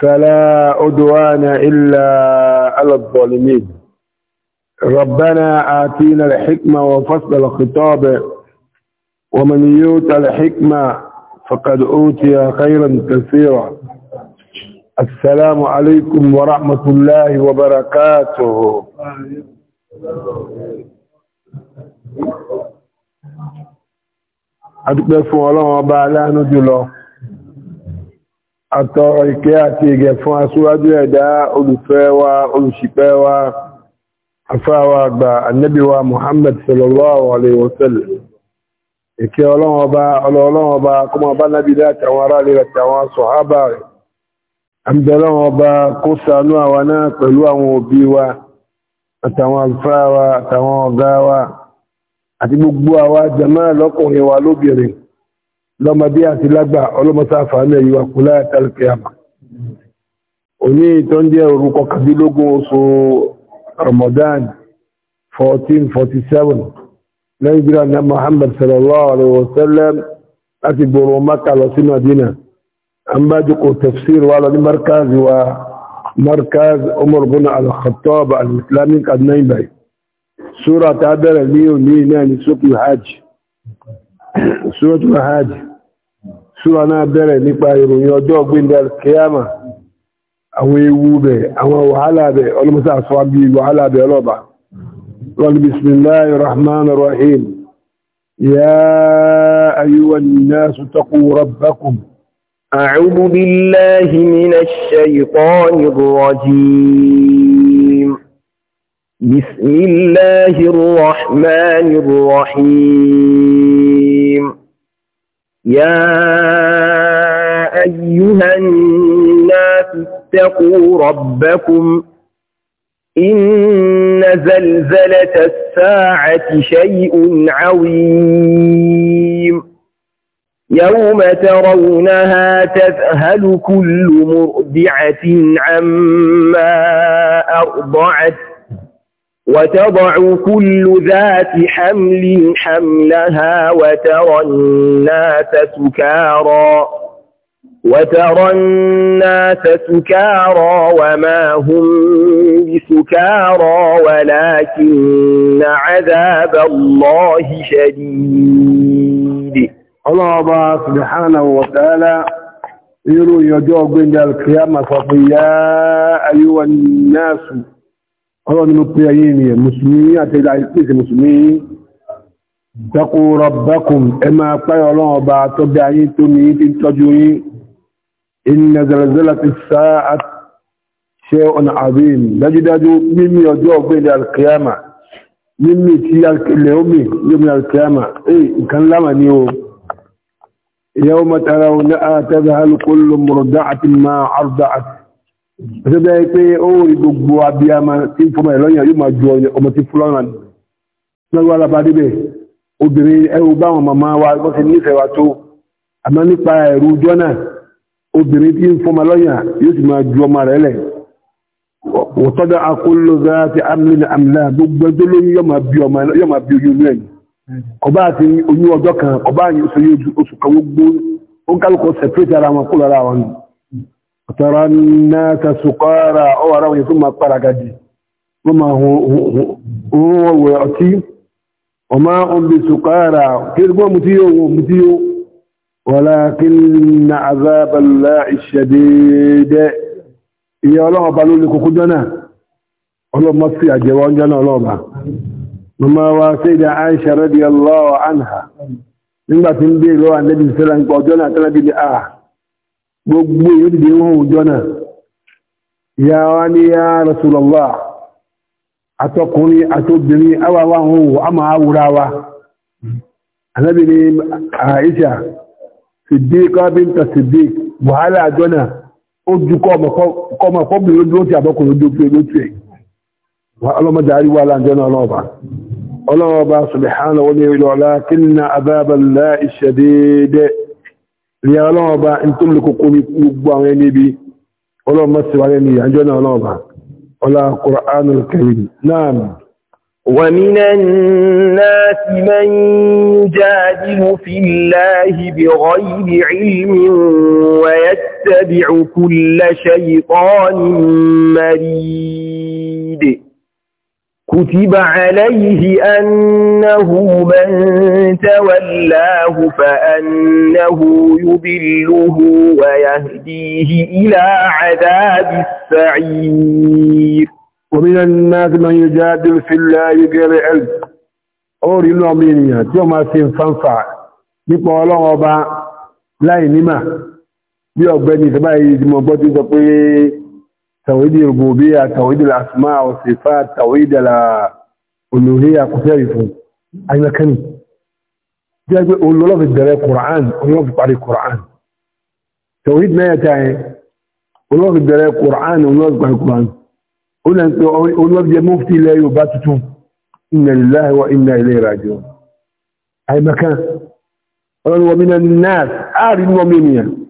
فلا عدوان إلا على الظالمين ربنا آتينا الحكمة وفصل الخطاب ومن يوت الحكمة فقد أوتي خيرا كثيرا السلام عليكم ورحمة الله وبركاته أدقى فوالله وبعلانه جلوه àtọrọ ìkẹ́ àti ìgẹ̀ fún aṣíwájú ẹ̀dá olùfẹ́ wa olùṣìpẹ̀ wa afáwa àgbà annabi muhammad sallallahu alaihi wasallam ìkẹ́ ọlọ́wọ́ bá ọlọ́wọ́ bá kọmọ bá nábi láti àwọn ará lè láti àwọn sọ̀hábà rẹ̀ àmìdọ́lọ́wọ́ bá wa àtàwọn alfáwa àtàwọn ọ̀gá wa àti gbogbo àwa jàmáà lọ́kùnrin wa lóbìnrin lọ́mọdé àti lágbà ọlọ́mọsáfàánà ìwà kú láyàtàlùkìyàmà òní tó ń jẹ́ orúkọ kàdílógún oṣù Ramadan 1447 lẹ́yìn bí ránà Muhammad sallallahu alaihi wasallam láti gbòrò Mákà lọ sí Madina an bá jùkú tafsir wà lọ ní markaz wa markaz Umar bin al-Khattab al-Islamic adnainbai sura ta bẹ̀rẹ̀ ní òní náà ní sókè hajj suratul hajj ṣúra náà bẹ̀rẹ̀ nípa ìròyìn ọjọ́ gbíndẹ̀ kíyàmà àwọn ewu bẹ̀ àwọn wàhálà bẹ̀ ọlọ́mọsá àṣọ́bí wàhálà bẹ̀ ọlọ́ba rọ́n bismillahir rahmanir rahim ya ayyuhan nasu taqu rabbakum a'udhu billahi minash shaytanir rajim bismillahir rahmanir يا أيها الناس اتقوا ربكم إن زلزلة الساعة شيء عظيم يوم ترونها تذهل كل مرضعة عما أرضعت وتضع كل ذات حمل حملها وترى الناس سكارى وترى الناس سكارى وما هم بسكارى ولكن عذاب الله شديد الله سبحانه وتعالى يروي يجوب عند القيامة فقيا أيها الناس ọlọ́run nínú pé ayé ènìyàn mùsùlùmí àti ìlàípèsè mùsùlùmí dákun rọ̀bákùn ẹ máa páyọ̀ ọlọ́run ọba tó bí ayé tó ní tí ń tọ́jú yín inna zalzalati as-sa'ati shay'un 'azim dájúdájú mímí ọjọ́ ọ̀gbẹ́lẹ̀ alkiyama mímí tí alkilẹ̀ omi yóò alkiyama èyí nǹkan ẹ̀sẹ̀ bẹ́ẹ̀ pé ó rí gbogbo abiyama tí ń fọmọ ìlọ́yìn yóò máa ju ọmọ tí fúlọ́ràn lọ́wọ́ alábá débẹ̀ obìnrin ẹrù báwọn màmá wa wọ́n ti nífẹ̀ẹ́ wa tó àmọ́ nípa ẹ̀rù jọ́nà obìnrin tí ń fọmọ lọ́yìn yóò sì máa ju ọmọ rẹ̀ lẹ̀ wọ́tọ́dọ̀ akóló zaati amílẹ̀ amílẹ̀ gbogbo ẹjọ́ lóyún yóò máa bí oyún rẹ̀ kọba àti oyún ọjọ́ kan kọba àyè oṣù kan gbogbo tọrọ náà ka sùkọ́ra ọwọ́ ara wọn yìí tó máa para gadi wọ́n máa hun ọwọ́ ọtí ọmọ ọmọbi sùkọ́ra kí ló mú tí yóò mú tí yóò wọ́lá kí na azábàlá ìṣẹ̀dẹ̀dẹ̀ ìyá ọlọ́wọ́ bá lórí kókó jọ́nà ọlọ́mọ sí àjẹwọ́ jọ́nà ọlọ́ọ̀bà mọ́mọ́ wa sí ìdá Aisha radiyallahu anha nígbà tí ń bèèrè lọ́wọ́ ànẹ́bí sẹ́lá ń pọ̀ jọ́nà àtẹ́lẹ́bí ni a ah, gbogbo èyí dìde wọn òjò náà ìyá wa ní yá Rasulullah àtọkùnrin àtobìnrin awàwà àwọn òwò a máa wúra wa anábì ní Aisha Siddiqa bínta Siddiq wàhálà àjọ náà ó ju kọmọkọ́bìnrin lójú ó ti àbọ́kùnrin lójú pé lójú ẹ̀ ọlọ́mọdé àríwá láàjọ náà ọlọ́ọ̀bá ọlọ́ọ̀bá subhanahu wa ta'ala ìlọ́lá kí ní àbábà láì ìyá ọlọ́run ọba tó lè kókó ní gbogbo àwọn ẹni ibi ọlọ́run mọ́ síwáyé ní àjọ náà ọlọ́run ọba ọlá Qur'anul Karim náà ومن الناس من يجادل في الله بغير علم ويتبع كل شيطان مريد كتب عليه أنه من تولاه فأنه يضله ويهديه إلى عذاب السعير ومن الناس من يجادل في الله غير علم أور الأمينية يوم سنفنفع nípa ọlọ́run ọba láì nímà bí ọ̀gbẹ́ni ìsẹ́báyé ìdìmọ̀ gbọ́dí sọ توحيد الربوبية توحيد الأسماء والصفات توحيد الألوهية كتير أي مكان يقول الله في الدلاء قرآن الله في طريق قرآن توحيد ما يتعي الله في الدلاء قرآن الله في طريق قرآن الله في مفتي لا يباتتم إن لله وإنا إليه راجعون أي مكان ومن الناس آل ومنيا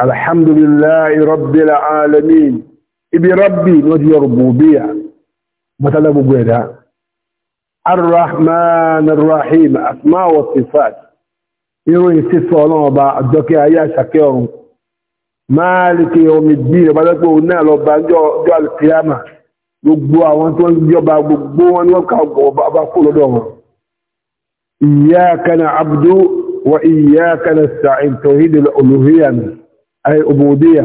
alhamdulillahi rabbil alamin ibi rabbi ní ọdí rububiya mọ́tálá gbogbo ẹ̀dá arrahman arrahim asma wa sifat ìròyìn sísọ ọlọ́run ọba àjọkẹ́ ayé àṣàkẹ́ ọ̀run máàlìkì yawmiddin ìbádọ́gbò náà lọ bá jọ alkiyama gbogbo àwọn tó ń jọba gbogbo wọn ni wọ́n ká ọba kó lọ́dọ̀ wọn iyyaka na'budu wa iyyaka nasta'in tawhidul uluhiyyah ayé òbòdéyà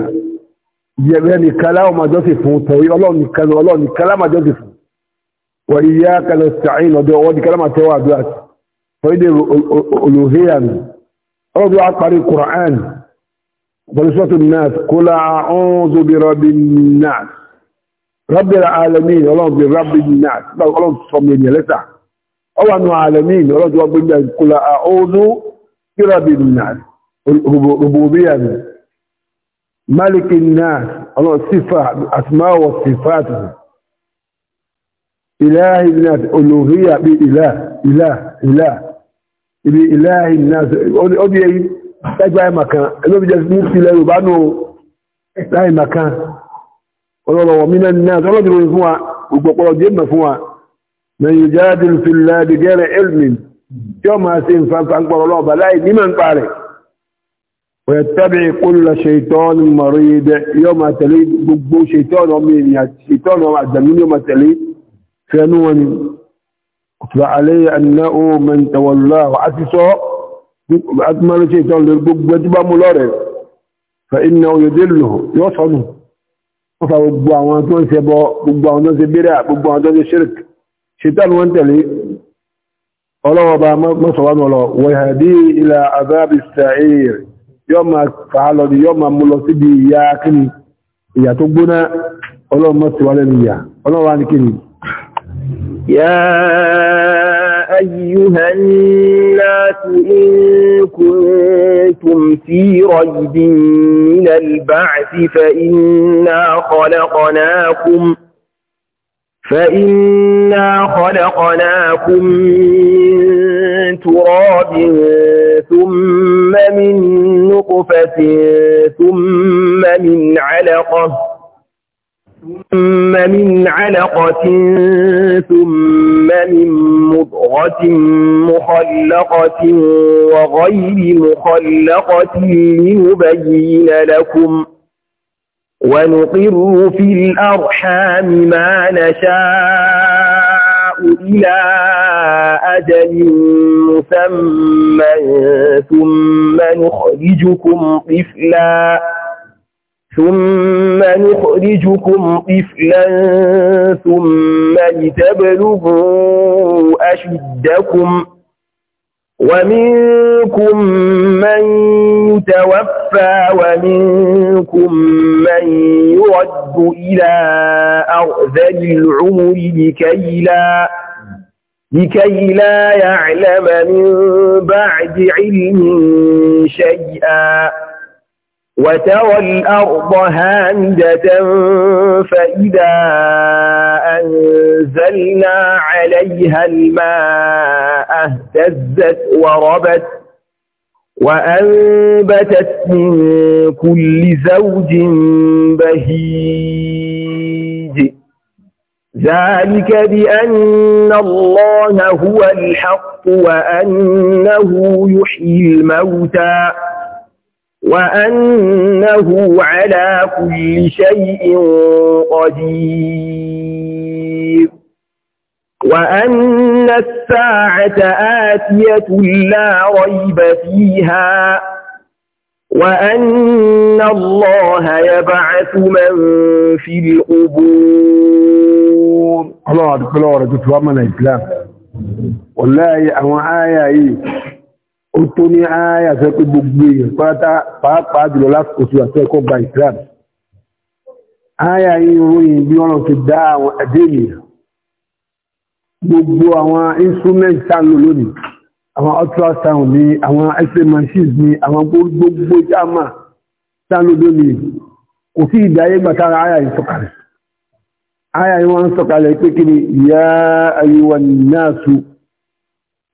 yẹ̀rẹ́ nìkan láwọn máa jọ́sìn fún tọ̀rí ọlọ́run nìkan ọlọ́run nìkan láwọn máa jọ́sìn fún wọ iye akẹ́lẹ̀ sàáyìn ọ̀dọ̀ ọwọ́ nìkan láwọn máa tẹ́wọ́ àdúrà fọ́ídé olùhíyà nù ọlọ́run wa parí Qur'an bọ́lùsọ́tù nas kólà ọ̀hún bí rọ́bì nas rọ́bì alamin ọlọ́run bí rọ́bì nas ọlọ́run sọ mi ènìyàn lẹ́sà ọwọ́ nù alamin ọlọ́run wa gbé ملك الناس الله صفة أسماء وصفاته إله الناس ألوهية بإله إله إله بإله الناس أبي تجمع مكان أبي جالس مفتي لا يبانو لا مكان الله ومن الناس الله يقول فوا وقول جمع فوا من يجادل في الله بغير علم يوم هسين فانقر الله بلاي لمن قاله ويتبع كل شيطان مريض يوم تلي بو شيطان ومين شيطان وعدمين يوم تلي فنون كتب عليه أنه من تولاه وعسسه أكمل شيطان للبقبة بمولاره فإنه يدله يصنه وفا بقبع وانتون سبا بقبع وانتون سبرع بقبع وانتون شرك شيطان وانتلي الله وبا ما صوان الله ويهدي إلى عذاب السعير yọ́ máa fà á lọ ni yọ́ máa mú lọ síbi ìyá kíni ìyà tó gbóná ọlọ́run mọ́ tiwa lẹ́nu ìyà ọlọ́run ní kíni. yá أيها الناس إن كنتم في ريب من البعث فإنا خلقناكم فإنا خلقناكم من تراب ثم من نطفة ثم من علقة ثم من علقة ثم من مضغة مخلقة وغير مخلقة لنبين لكم ۖ ونقر في الأرحام ما نشاء إلى أجل مسمى ثم نخرجكم طفلا ثم نخرجكم طفلا ثم لتبلغوا أشدكم ومنكم من يتوفى ومنكم من يرد إلى أرذل العمر لكي لا لكي لا يعلم من بعد علم شيئا وترى الأرض هامدة فإذا أنزلنا عليها الماء اهتزت وربت وأنبتت من كل زوج بهيج ذلك بأن الله هو الحق وأنه يحيي الموتى وأنه على كل شيء قدير وأن الساعة آتية لا ريب فيها وأن الله يبعث من في القبور الله أكبر الله أكبر الله والله الله آية ó tó ní ààyè àṣẹ pé gbogbo èèyàn pàápàá jùlọ lásìkò tí wà tẹ́ẹ̀kọ́ gba islam ààyè ìròyìn bí wọ́n ti dá àwọn ẹ̀dẹ́ ènìyàn gbogbo àwọn instrument sáàlù lónìí àwọn ultrasound ni àwọn x-ray machines ni àwọn gbogbo jáàmà sáàlù lónìí kò sí ìdáyé gbàtàrà ààyè ìsọ̀kalẹ̀ ààyè wọn sọ̀kalẹ̀ pé kí ni ìyá ayéwà náà su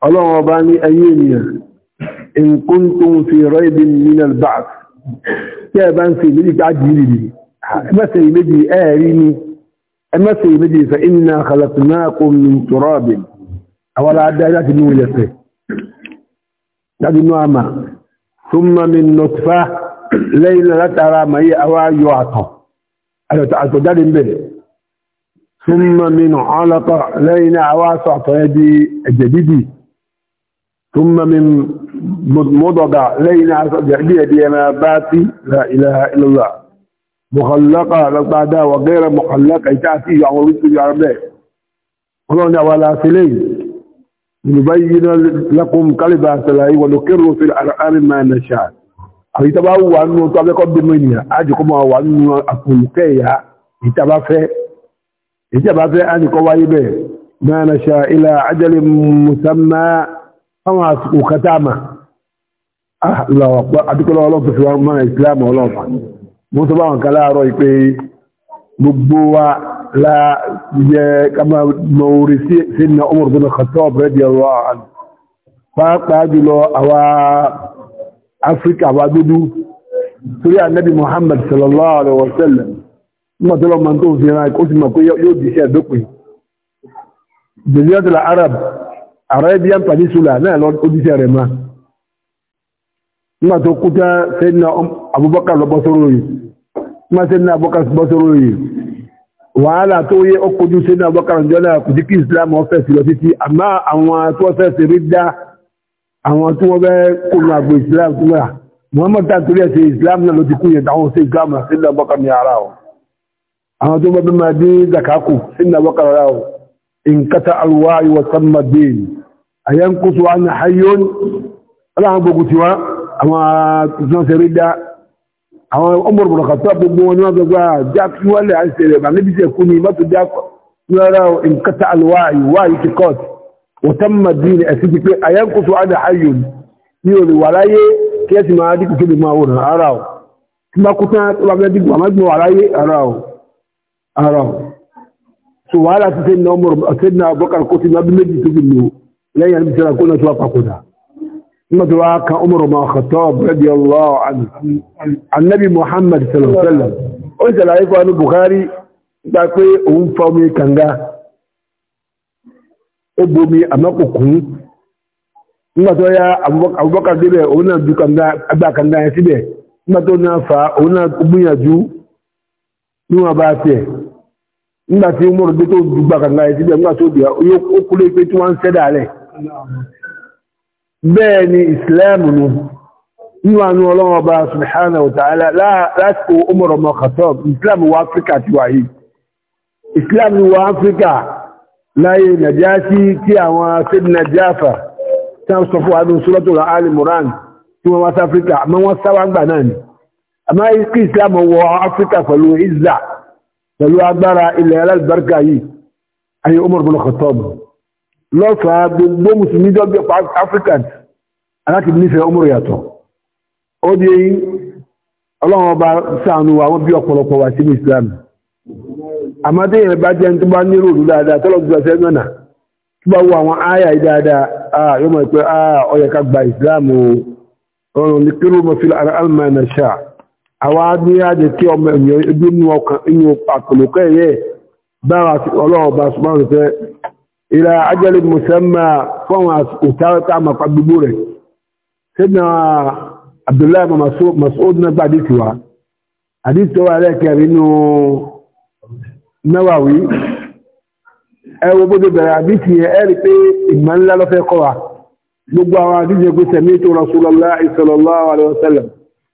ọlọ́run ọba ní ayé ènìyàn إن كنتم في ريب من البعث كابا في ملك عجل مثل مدي آريني مثل مدي فإنا خلقناكم من تراب أولا عدى لا تنوي لسه لا تنوي ثم من نطفة ليلة لا ترى ما هي أوا يعطى أنا تعطى بيه ثم من علق ليلة أواعي صعطى يدي الجديدي ثم من مضغة لين بيدي ما باتي لا إله إلا الله مخلقة لطادا وغير مخلقة تأتي عمر رسول العربية قلنا ولا سليم نبين لكم كلبة سلاي ونكر في الأرآل ما نشاء أي تبا هو أنه تبقى بمنيا أجكم هو أنه أفلقيا ìtàbá fẹ́ ìtàbá fẹ́ á ní kọ wáyé bẹ́ẹ̀ ma na ṣa ilá ajalin àdúgbò ah, ọlọ́pàá fi wọ́n mọ́ ìsìláàmù ọlọ́pàá mú tó bá wọn kan láàárọ̀ ìpé gbogbo wa láyẹ kama mọ̀rí sí na Umar bin Khattab radiyallahu anhu pàápàá jùlọ àwa Áfíríkà wa dúdú torí ànábì Muhammad sallallahu alaihi wa sallam mọ́ tó lọ́mọ tó fi rán kó sì mọ̀ pé yóò jíṣẹ́ dópin Jaziratul Arab Arabian Peninsula náà lọ́ nígbà tó kú tán sẹ́dínà Abubakar lọ bọ́sọ́rọ̀ yìí nígbà sẹ́dínà Abubakar bọ́sọ́rọ̀ yìí wàhálà tó yẹ ó kojú sẹ́dínà Abubakar ń jọ́lá kò sí kí Islam ọ̀fẹ́ sí lọ títí àmọ́ àwọn tó fẹ́ sí rí dá àwọn tí wọ́n fẹ́ kó nu àgbo Islam tó wà Muhammad tá torí ẹ̀sẹ̀ Islam náà ló ti kú yẹn táwọn ṣe Islam náà sẹ́dínà Abubakar ní ara o àwọn tó bẹ́ẹ̀ máa dé zakaku sẹ́dínà Abubakar ara o nkata alwaayi wa sàmmadéyìn àyẹ̀ńkóso àná hayón gbogbo tiwa àwọn ìjọ́sẹ̀ rí dá àwọn ọmọrùn kàtọ́ gbogbo wọn ni wọ́n gbogbo àjá ah, kí wọ́n lè àìsẹ̀ rẹ̀ bà níbi iṣẹ́ kú ni mọ́tò já rárá ìkàtà alwáyì wáyì ti kọ́t wọ́tán madina ẹ̀sìn ti pé àyẹ́kùsù àdà ayùn ní olè wà láyé kí ẹ sì máa dínkù kí lè máa wòrán ara ọ̀ tí bá kú tán tó bá fẹ́ dínkù àmọ́ gbọ́n wà láyé ara ọ̀ nígbàtí wá kan Umar ma Khattab radiyallahu annabi Muhammad sallallahu alaihi wasallam ó ń sàlàyé fún anú Bukhari gba pé òun fa omi kànga ó bomi àmọ́kùnkùn nígbàtí wáyá Abubakar débẹ̀ òun náà du agbá fa òun náà gbìyànjú níwọ̀n bá tiẹ̀ Umar dé tó du agbá kànga yẹn síbẹ̀ bẹ́ẹ̀ ni islam nù níwà ní ọlọ́wọ́ ọba subhanahu wa ta'ala láti Umar ọmọ Khattab islam wọ áfíríkà ti wà yìí islam wọ áfíríkà láyé Nàjàsí tí àwọn Sayyidina Ja'far tí wọ́n sọ fún adùn suratul Al-Imran tí wọ́n wá sí áfíríkà àmọ́ wọ́n sáwá gbà náà ni lọ́fàá gbogbo mùsùlùmí dọ́gbẹ́ african aláti nífẹ̀ẹ́ ọmọ ìyàtọ̀ ó di eyín ọlọ́run ọba wa wọ́n bí ọ̀pọ̀lọpọ̀ wà sínú islam àmọ́dé yẹn bá jẹ́ tó bá nírò òdú dáadáa tọ́lọ̀ gbogbo ọ̀sẹ̀ mẹ́nà tó bá àwọn dáadáa yóò mọ̀ pé إلى عجل مسمى فهو أتاوت عما قببوره سيدنا عبد الله بن مسعود مسعود نبع ديتوا حديثه عليك بأنه نووي ẹwọ bó bẹ̀rẹ̀ àdíkì ẹ̀rí pé ìmọ̀ ńlá lọ́fẹ́ kọ́ wa gbogbo àwọn àdíjẹ pé sẹ̀mí tó rasulullahi sallallahu alaihi wasallam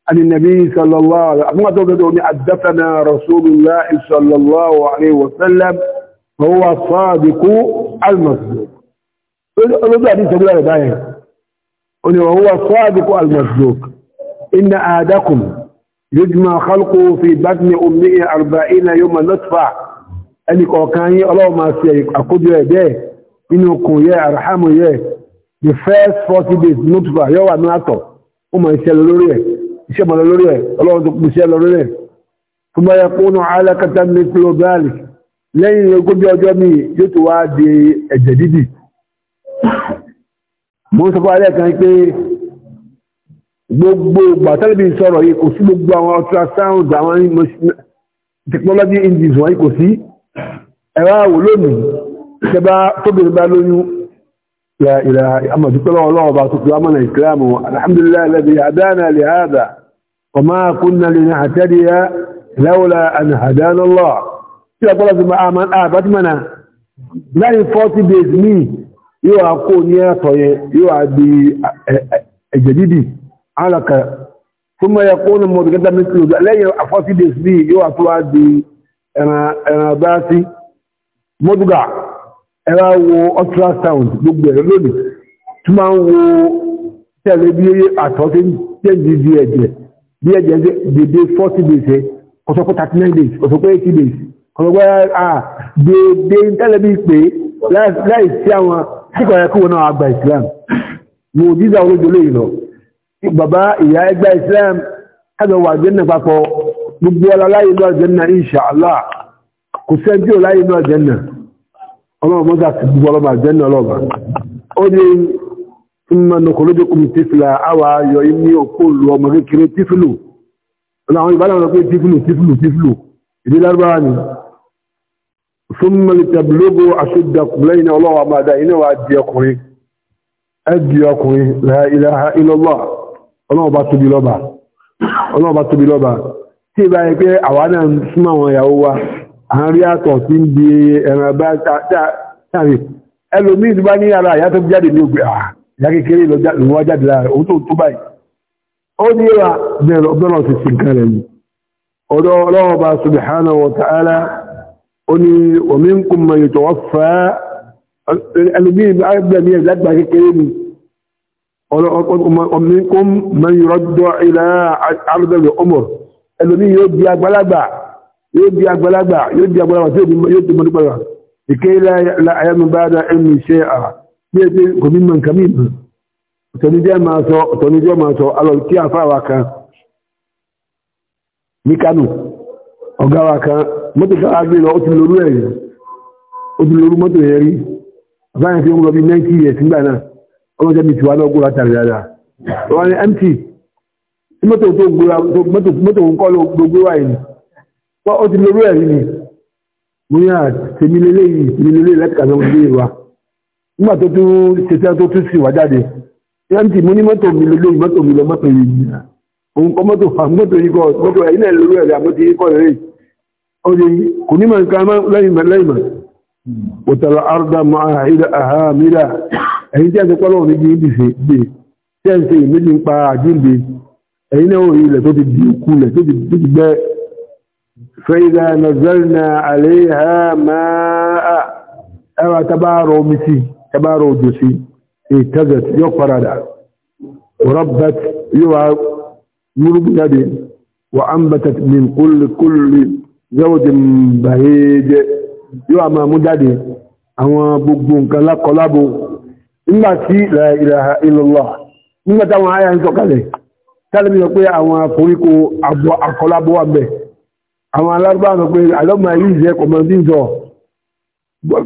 àti nàbí sallallahu alaihi wasallam àti ọgbẹ̀dọ̀ ní àdáfẹ́nà rasulullahi sallallahu المسجد olóbi àti ìṣẹ́gbẹ́ rẹ̀ báyẹ̀ oníwọ̀n wọ́n sọ́ádùkú almasduk inna àádákùn yójúmọ̀ kálùkù fi bátìní omi àrùbá iná yóò mọ̀ lọ́tfà ẹni kọ̀ọ̀kan yí ọlọ́wọ́ máa ṣe àkójọ ẹ̀ bẹ́ẹ̀ inú kùn yẹ àrùhámù yẹ the first forty days lọ́tfà yóò wà ní àtọ̀ ó mọ̀ iṣẹ́ lórí ẹ̀ iṣẹ́ mọ̀ lórí ẹ̀ ọlọ́wọ́ tó kù iṣẹ́ lórí ẹ̀ tó mọ̀ yẹ kúnnù alákatá lẹ́yìn ogójì ọjọ́ mi yóò tó wá di ẹ̀jẹ̀ dídì mo ń sọ fún alẹ́ kan pé gbogbo gbàtẹ́lẹ̀bí sọ̀rọ̀ yìí kò sí gbogbo àwọn ultrasound àwọn technology engines wọ́n yìí kò sí ẹ̀rọ àwò lónìí ṣẹba tóbìnrin bá lóyún ìlà àmàdúpẹ́lọ́ ọlọ́wọ́ bá tó fi wá mọ́nà ìsìlámù alhamdulillah alladhi hadana tí ọ̀pọ̀lọ̀ ti àbájú mọ́nà láàrin 40 days ní yóò wá kó ní ẹ̀tọ̀ yẹn yóò wá di ẹ̀jẹ̀ dídì alaka fún mọ́ ẹ̀kọ́ ní mọ́ ìgbẹ́ta mẹ́sìlò lẹ́yìn 40 days ní yóò wá tó wá di ẹ̀ràn bá sí mọ́dúgà ẹ̀rà wo ultrasound gbogbo ẹ̀rọ lónìí tí máa ń wo tẹ̀lé bí àtọ̀ tí ń tẹ̀lé bí ẹ̀jẹ̀ bí ẹ̀jẹ̀ dédé 40 days kọ̀sọ́kọ́ 39 days kọ̀sọ́kọ́ 80 days ọgbẹ́ àgbègbè tẹ́lẹ̀bí pé láì sí àwọn síkọ̀ ẹkùn náà àgbà Islam mo jíza olójúlé ìlọ bàbá ìyá ẹgbà Islam ẹgbà wà jẹ́nà papọ̀ gbogbo aláyé lọ jẹ́nà inṣàlá kò sẹ́n tí ó láyé lọ jẹ́nà ọlọ́run mọ́ta ti gbogbo ọlọ́ ثم لتبلغوا أشدكم لين الله وما دعينا وأديكم أديكم لا إله إلا الله الله باتبي لبا الله باتبي لبا tí bá yẹ pé àwa náà ń súnmọ́ àwọn ìyàwó wa à ń rí àtọ̀ tí ń di ẹran bá tàbí ẹlòmíì tó bá ní ara àyà tó jáde ní ògbé àyà kékeré lọ́wọ́ jáde lára òun tó tó báyìí ó ní ìwà bẹ́ẹ̀ lọ́nà ti fi rẹ̀ yìí ọ̀dọ̀ bá subhanahu wa ta'ala ó ní omi ń kún mọ̀yìn tó wọ́n fẹ́ ẹlòmíì ẹgbẹ̀mí ẹ̀ lágbà kékeré ni omi ń kún mọ̀yìn rọ́dọ̀ ilẹ̀ arúgbẹ̀rẹ̀ ọmọ ẹlòmíì yóò di àgbàlagbà yóò di àgbàlagbà yóò di àgbàlagbà tí yóò di mọ́dúgbàlagbà ìkéyìí láyẹ̀mú bá dá ẹnu iṣẹ́ à bí ẹ ti kò mọ̀ nǹkan mìíràn ọ̀tọ̀nijẹ́ máa sọ ọ̀tọ̀nijẹ́ máa sọ alọ́ tí àfáà wa kan ní Kánò ọ̀gá wa kan mọ́tò kára gbé lọ ó ti lorú ẹ̀rí ó ti lorú mọ́tò yẹn rí ọ̀gá yẹn fi ń lọ bí 90 years nígbà náà ọlọ́jọ́ mi ti wá lọ́gbọ́n látàrí dáadáa wọ́n ní mt mọ́tò tó gbéra mọ́tò ń kọ́ ló gbé wáyé ni wọ́n ó ti lorú ẹ̀rí ni mo ní àtẹ̀mí lélẹ́yìí tèmi lélẹ́yìí lẹ́tìkà tó ń gbé wa nígbà tó tún ṣetán tó tún sì wá jáde mt mo ní mọ́tò mi lélẹ́yìí mọ́tò mi lọ mọ́tò yìí òun kọ́ mọ́tò fà mọ́tò yìí kọ́ mọ́tò náà lorú ẹ̀rí àmọ́tò yìí kọ́ lélẹ́yìí أولي كنما كما ليما ليما وترى الأرض معها إلى أهاملة أين تأتي قالوا نجي بسي بي تأتي نجي نقع عجل بي أين هو إلى تتبدي كولة تتبدي فإذا نزلنا عليها ماء أو تبارو مسي تبارو جسي اهتزت يقرد وربت يوعى مربنا دي وأنبتت من كل كل zẹ́wọ̀dì bàyẹ́dẹ́ yóò àmà mú jáde àwọn gbogbo nǹkan lákọlábò nígbà tí la ilaha illallah nígbà táwọn àyà ń sọ̀kalẹ̀ tálẹ́bí sọ pé àwọn àforíkò àbọ̀ àkọlábò wà bẹ̀ àwọn alárúbá sọ pé àlọ́mà yìí jẹ́ kọ̀mọ̀dé ń sọ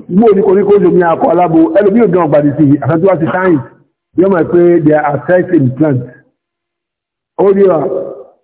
gbóò ní koríko lè ní àkọlábò ẹlòmí ò gan ọ̀gbàdì sí àtàtúwà sí sáyìn yọ́mọ̀ pé they are self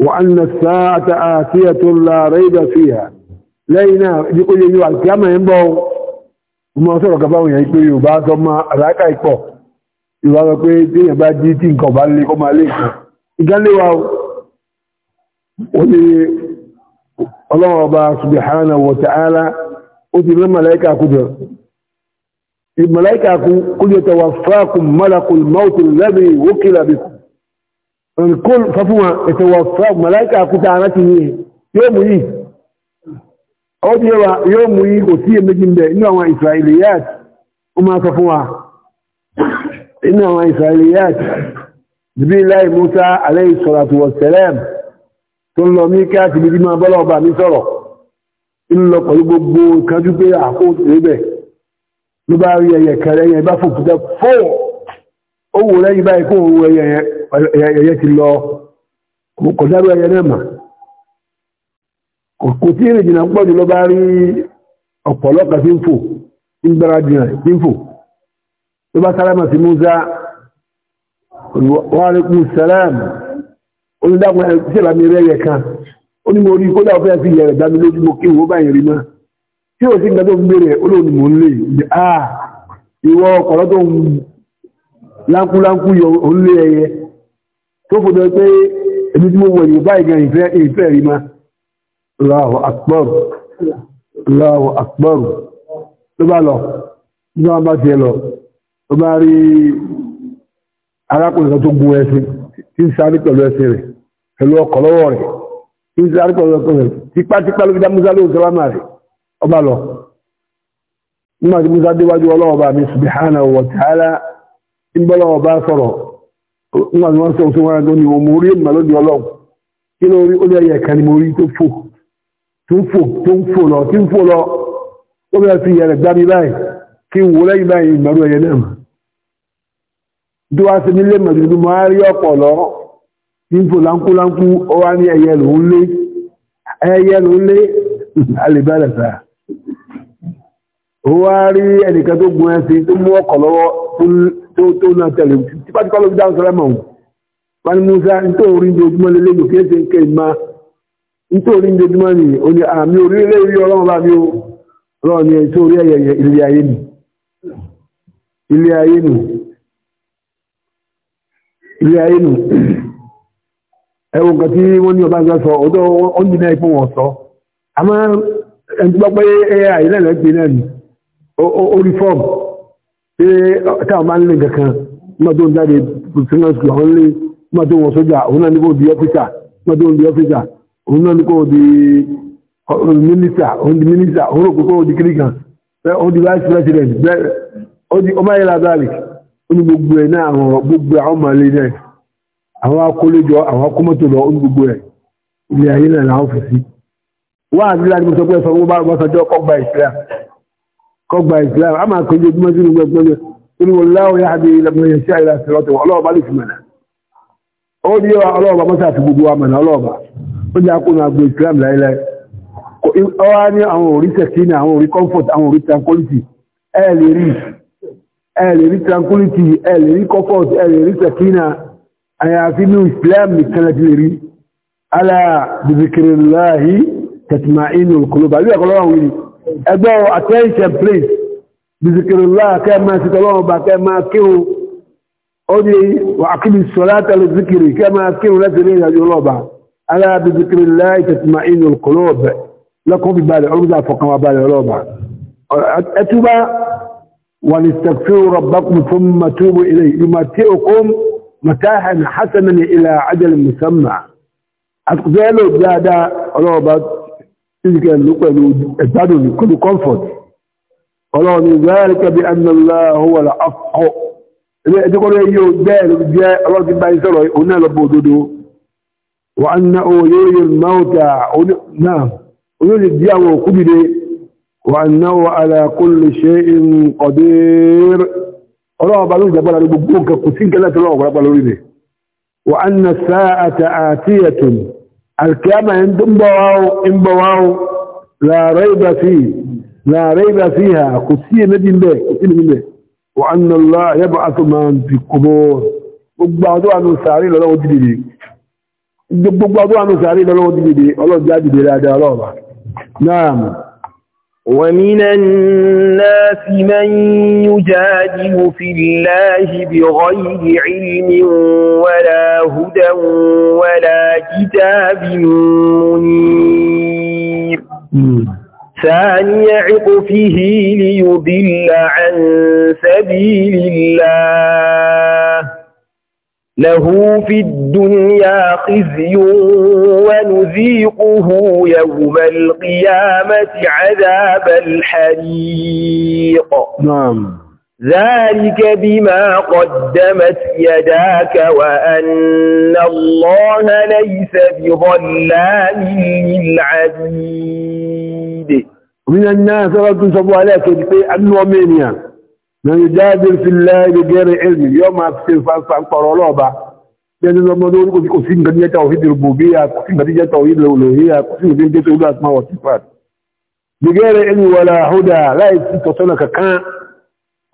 وأن الساعة آتية لا ريب فيها لينا يقول يو القيامة ينبو وما سوى كفاو يقول يو بعض ما راكا يقول يو هذا كوي تين يبا جي تين كو بالي كو مالي قال لي واو ولي الله أبا سبحانه وتعالى أتي الملائكة كدر الملائكة كدر توفاكم ملك الموت الذي وكل بكم olùkọ́lù sọ fún wọn ètò wọ̀ fún màláìkà kúta aláti yìí yóò mú yìí ó di wa yóò mú yìí kò sí èméjì ń bẹ inú àwọn Israiliyat ó máa sọ fún wa inú àwọn Israiliyat bíbí láì Musa alayhi salatu wa salam tó ń lọ ẹyẹ ti lọ kò dárú ẹyẹ náà mà kò tí ìrìn jìnnà pọ̀ jù lọ bá rí ọ̀pọ̀lọpọ̀ tí ń fò ń gbára jìnnà tí ń fò tó bá sálámà sí Musa wà ní kún sàlám onídàkùn ṣẹlá mi rẹ̀ yẹ kan ó ní mo rí kó dáwọ́ fẹ́ yẹ̀rẹ̀ lójú mo báyìí rí tí ah, ò sí ń lè ní ìwọ ń láńkúláńkú yọ tó fòdó pé ebi tí mo wọ̀ yìí báyìí gan ìfẹ́ ìfẹ́ rí ma Allahu Akbar Allahu Akbar ló bá lọ ní wọn bá tiẹ̀ lọ ó bá rí arákùnrin kan tó gun ẹṣin tí ń sáré pẹ̀lú ẹṣin rẹ̀ pẹ̀lú ọkọ̀ lọ́wọ́ rẹ̀ tí ń sáré pẹ̀lú ọkọ̀ rẹ̀ tipátipá ló fi dá musa lóhùn sálámà rẹ̀ ó bá lọ nígbà tí musa déwájú ọlọ́wọ́ bá mi subhanahu wa ta'ala ń bọ́lọ́wọ́ bá sọ̀rọ̀ nígbà tí wọ́n sọ fún wọn lónìí wọn mo rí ènìyàn lónìí ọlọ́run kí ló rí ó lé ẹyẹ kan ni mo rí tó fò tó ń fò tó ń fò lọ tí ń fò lọ ó bẹ̀rẹ̀ fi ìyẹ̀rẹ̀ gbá mi báyìí kí n wò lẹ́yìn báyìí ìgbàlú ẹyẹ náà tó wá sí nílé mọ̀tòdó mo á rí ọ̀pọ̀ lọ tí ń fò láńkú láńkú ó wá ní ẹyẹ ló ń lé ẹyẹ ló ń lé alìbẹ̀rẹ̀ sà ó wá rí ẹnìkan tó gun ẹsẹ̀ tó mú ọkọ̀ lọ́wọ́ tó tó náà tẹ̀lé tipátipá ló fi dáhùn sọ́lá mọ̀ wọn ni Musa nítorí ní ojúmọ́ lélẹ́ yòókè ṣe ń kẹ́ ìmá nítorí ní ojúmọ́ ni ó ní àmì orílẹ̀ èrí ọlọ́run bá mi ó ọlọ́run ni èso orí ẹ̀yẹ ilé ayé nù ilé ayé nù ilé ayé nù ẹwọ nǹkan tí wọ́n ní ọba ń sọ ọdọ́ ó ń dínà ipò wọn sọ àmọ́ ẹni tí wọ́n pẹ́ AI náà lẹ́gbẹ̀ẹ́ náà ni ó rí fọ́ọ̀mù pé táwọn máa ń lè kankan máa tó ń jáde sinus school àwọn lè máa tó wọn sójà òun náà ní kò di ọ́fíìsà máa tó ń di ọ́fíìsà òun náà ní kò di mínísà òun di vice president bẹ́ẹ̀ ó di ọmọ yẹn lábàlì ó ní gbogbo ẹ̀ náà àwọn gbogbo àwọn máa lè náà àwọn akólójọ àwọn akómọ́tò lọ ó ní gbogbo ẹ̀ ilé ayé náà làwọn fi sí wọ́n àdúrà ní sọ pé sọ wọ́n bá wọ́n sọjọ́ kọ́gbà ìṣẹ́ kọgbà islam a máa kọjú ojúmọ́ sínú gbẹgbẹgbẹ olùwọláwọ yá àbí ìlànà ìṣẹ́ àìlà sọ̀rọ̀tọ̀ ọlọ́ọ̀bá lè fi mọ̀nà ó ní wa ọlọ́ọ̀bá mọ́sá àti gbogbo wa mọ̀nà ọlọ́ọ̀bá ó ní akóna agbo islam láíláí ọwá ní àwọn orí sẹ̀kínà àwọn ilé ẹ̀kọ́ lọ́wọ́ àwọn ènìyàn ẹgbọ́ attention please bisikirila kẹ́ máa ti tọ́lọ́wọ́ bá kẹ́ máa kírun ó ní wàkíbi sọ́lá tẹ̀lé zikiri kẹ́ máa kírun láti rí ìrìnàjò lọ́ba ala bisikirila ìtẹ̀tìmá inú kòló ọ̀bẹ lọ́kọ́ fi balẹ̀ ọlọ́dà fọkàn ìsìnkẹ́ ló pẹ̀lú ẹ̀gbádùn ní kọlu comfort ọlọ́run ni zalika bi anna Allaha huwal haqq ilé ẹjọ́kọ́rọ̀ yóò jẹ́ jẹ́ ọlọ́run ti bá yí sọ̀rọ̀ oní ẹlọ́bọ̀ òdodo wa anna yuriyu al-mawta náà olóòlì di àwọn òkú dìde wa annahu ala القيامة انبواو لا ريب فيه لا ريب فيها قسية ندين به قسية ندين وأن الله يبعث من في القبور gbogbo àánú sàárì lọ́lọ́wọ́ dìde gbogbo àánú sàárì lọ́lọ́wọ́ dìde ọlọ́run jáde dáadáa ọlọ́run ومن الناس من يجادل في الله بغير علم ولا هدى ولا كتاب منير ثاني عطفه ليضل عن سبيل الله له في الدنيا خزي ونذيقه يوم القيامة عذاب الحريق نعم ذلك بما قدمت يداك وأن الله ليس بظلام للعبيد من الناس رجل عليه عليك في النومينيا يعني؟ na yujadil fillahi bi ghairi ilmi yóò máa fi fanfa ń pọ̀rọ̀ ọlọ́ọ̀ba jẹ́ni ọmọ ọdún orí kò sí kò sí nǹkan jẹ́ta òfin dìrò bòbí ya kò sí nǹkan jẹ́ta òfin dìrò lòhí ya kò sí nǹkan jẹ́ta òfin àti máa sifat bi ghairi ilmi wala huda láì sí tọ̀sọ́nà kankan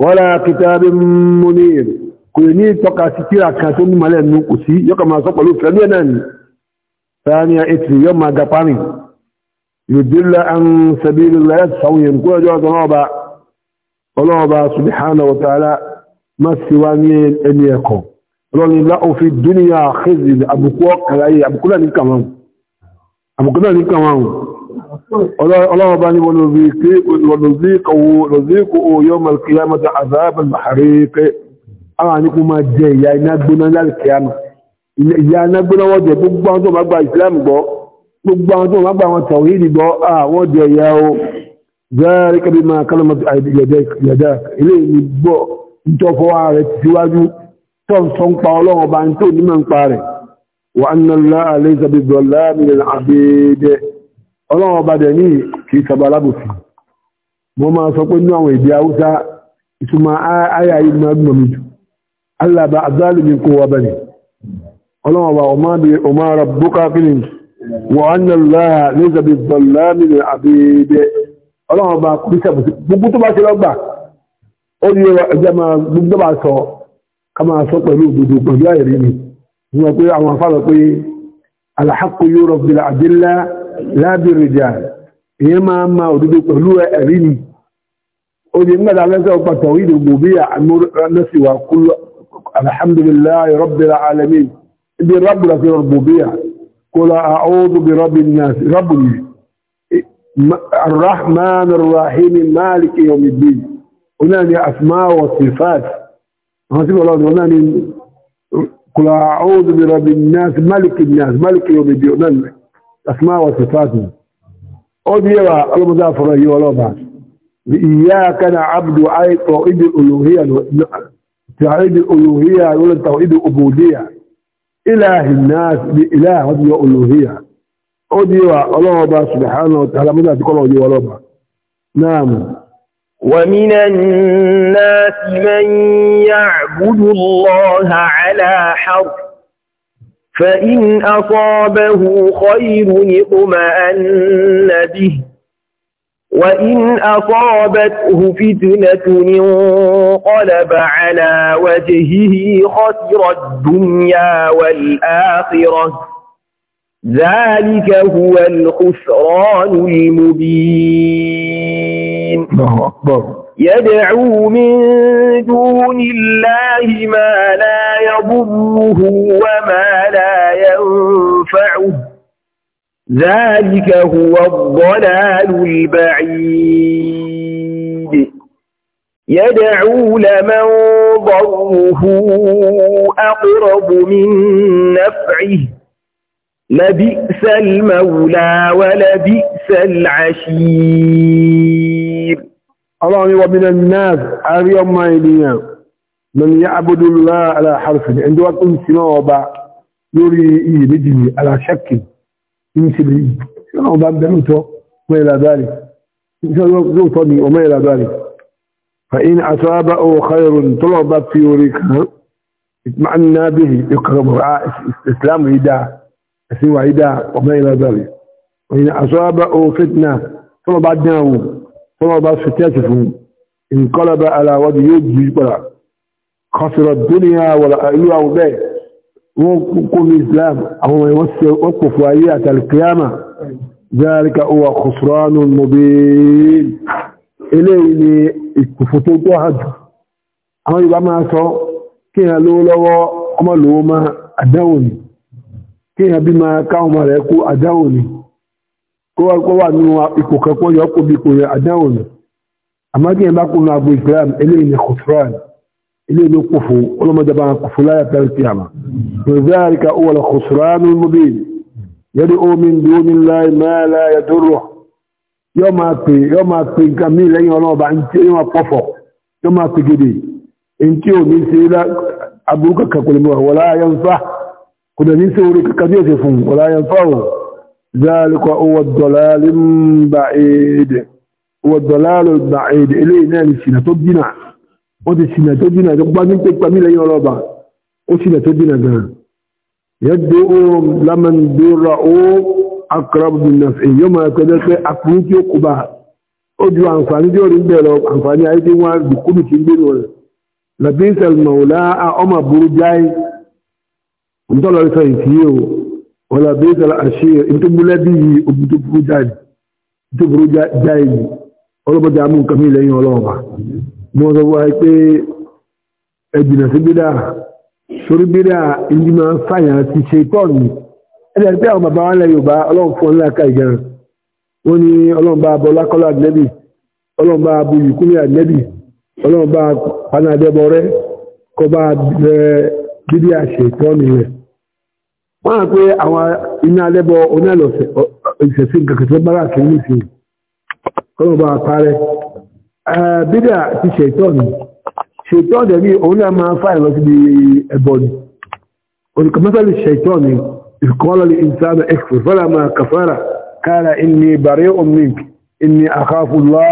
wala kitabin munir kò ní tọ́ka sí tíra kan tó ní malẹ̀ nù kò sí yọ́ka máa sọ pẹ̀lú fẹ́lú ọlọ́ọ̀bá subhanahu wa ta'ala má sí wá ní ẹni ẹ̀kọ́ ọlọ́ni láòfin dúníyà àkẹ́zì àbùkù ọkàláyé àbùkù náà ní kàwọn ọlọ́ọ̀bá ní wọn lòzíkò yawm al-qiyamati azab al-mahariq àwọn àníkú máa jẹ ìyà iná gbóná lálùkìyàmà ìyà iná gbóná wọ́n jẹ gbogbo àwọn tó máa gba ìsìlámù gbọ́ gbogbo àwọn tó máa gba àwọn tàwíìdì ذلك بما كلمت يديك يداك إليه نبو انتوفوا عارت سواجو تنصن قولوه بانتو نمان قاري وأن الله ليس بالظلام للعبيد الله بدني في سبالبو في وما سقل نوعي بيوسا ثم آية إبن أبن مميت الله بعد ذلك من قوة بني الله وما ربك فيهم وأن الله ليس بالظلام للعبيد ọlọ́run ọba bíṣẹ̀bù sí gbogbo tó bá ṣe lọ́gbà ó ní ẹjẹ́ máa gbogbo bá sọ ká máa sọ pẹ̀lú òdodo pẹ̀lú àìrí ni ní wọ́n pé àwọn afárọ̀ pé alhaqqu yuraf bil adilla la bir rijal ìyẹn máa ma òdodo pẹ̀lú ẹ̀rí ni ó ní nígbà táwọn ẹgbẹ́ ọ̀pá tọ̀wé ìdògbò bí àmúrẹ́sì wà kú alhamdulillahi rabbil alamin ibi rabbil àti rabbil bí kó lọ a'udhu bi rabbin nas rabbil yìí الرحمن الرحيم مالك يوم الدين هنا أسماء وصفات هنسيب الله هنا كل أعوذ برب الناس ملك الناس ملك يوم الدين هنا أسماء وصفات أودي يبا المضاف رهي ولا بعد إياك نعبد أي توحيد الألوهية توحيد الألوهية ولا توحيد العبودية إله الناس بإله وألوهية ó di wa ọlọ́ọba subhanahu wa ta'ala mọ́ta àti kọ́lọ̀ yíwa ومن الناس من يعبد الله على حرف فإن أصابه خير اطمأن به وإن أصابته فتنة انقلب على وجهه خسر الدنيا والآخرة ذلك هو الخسران المبين الله أكبر يدعو من دون الله ما لا يضره وما لا ينفعه ذلك هو الضلال البعيد يدعو لمن ضره أقرب من نفعه لبئس المولى ولبئس العشير الله ومن الناس اليوم ما من يعبد الله على حرف عند وقت انسما وبع يري إيه، يجي على شك انسبي شنو باب وما الى ذلك شنو طني وما الى ذلك فإن أصابه خير طلبت في يوريك به به يقرب آه، إسلام هداه ẹ̀sìn wà ìdá ọmọ ìlà bẹ̀rẹ̀ òyìn àṣọ́rábà owó fitna tọ́lọ̀ bá dín àwọn tọ́lọ̀ bá fi tẹ́ẹ̀tì fún ìkọlọ̀bà aláwọ̀dì yóò jù pẹ̀lá kọsìrọ̀ dúnìyà ìlú àwọn bẹ́ẹ̀ wọ́n kó ذلك هو خسران مبين eléyìí ni ìkùfù tó tó hàjù àwọn Yorùbá máa sọ kí kéèyàn bí máa káwọn ọmọ rẹ̀ kó àdáwò ni kó wá kó wà nínú ipò kẹ́kọ̀ọ́ yọ kó bí kò yẹ àdáwò ni àmọ́ kéèyàn bá kó nu agbo Islam eléyìí ni kòtùrán eléyìí ló kò fún ọlọ́mọdé bá kò fún láyà pẹ́rẹ́ ti àmà lọ́zàríkà ó wọlé kòtùrán ní mọ́bí yẹ́dí omi ń dúró nílá ìmáàlá yẹ́dúró yọ́ máa pè yọ́ máa pè nǹkan mí lẹ́yìn ọlọ́ọ̀bá ń tí máa pọ̀fọ̀ yọ́ máa pè gidi ń tí ò ní ṣe kankan kò lè mọ̀ wọ́lá yọ́ ń kódà ní sí orí kankan bí ẹ̀sẹ̀ fún ọ̀láyẹn fáwọ̀ dáàlùkọ owó dọ̀láàlù bá èdè ilé iná ní ṣìnà tó dínà wọ́n ti ṣìnà tó dínà tó gbá ní pípa mílẹ̀ yìí ọlọ́ba ó ṣìnà tó dínà gan-an yẹ́dọ̀ ó lámàn dúra ó akọrọ̀bù nàfẹ́ èyí ó máa kọjá pé akùnrin tí ó kú bá ó ju àǹfààní tí ó rí bẹ̀rẹ̀ àǹfààní ayé tí wọ́n á dùkú ń gbé lọ rẹ̀ làbí ìsẹ̀lmọ̀ ọmọ burú jáì ntọ́lọ̀ sọ ìtìyẹ o wọ́n lọ bí sọ̀rọ̀ àṣẹ ntòmúlẹ̀ bí yìí omi tó burú jáde tó burú jáde yìí ọlọ́bọ̀dé amú nǹkan mi lẹ́yìn ọlọ́ọ̀bà mo sọ wá pé ẹ̀jìnà sí bídà sórí bídà ìdí máa ń fàyàn ti ṣe tọ́ọ̀nù ẹ̀dẹ̀ pé àwọn bàbá wọn lẹ Yorùbá ọlọ́run fún ọlọ́run ká ìjà wọn ni ọlọ́run bá abọ́ lákọ́lá àdínẹ́bì ọlọ́run wọ́n rẹ̀ pé àwọn iná alẹ́bọ̀ onílọ̀sẹ̀ ìṣẹ̀sí kankan tó bára kìí ní ìsìn kọ́lọ̀bà parẹ́ bídà ti ṣètọ́nù ṣètọ́nù ẹ̀mí òun náà máa fà ìlọ síbi ẹbọ ni olùkọ́mọ́sálì ṣètọ́nù ìkọ́lọ̀lì ìsáàmù ẹ̀kfù fọ́lá máa kàfàrà kára inni bàrẹ́ omink inni àkàfùlá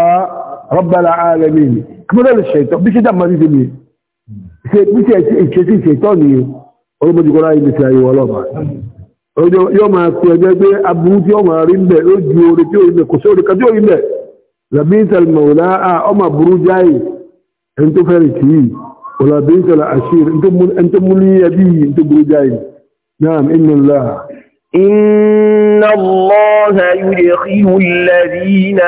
rọ́bàlá alẹ́mìn kọ́mọ́sálì olùmọ̀jùkọ́lá yìí ti ayé ọlọ́mà yóò máa fi ẹgbẹ́ pé aburú tí ọmọ rí mbẹ̀ ó ju orí tí ó rí mbẹ̀ kò sí orí kan tí ó rí mbẹ̀ labisal maula a ọmọ aburú jáì ẹni tó fẹ́rẹ̀ kì í olabisal ashir ẹni tó múlí ẹbí ẹni tó burú jáì náà inú ńlá. إن الله يدخل الذين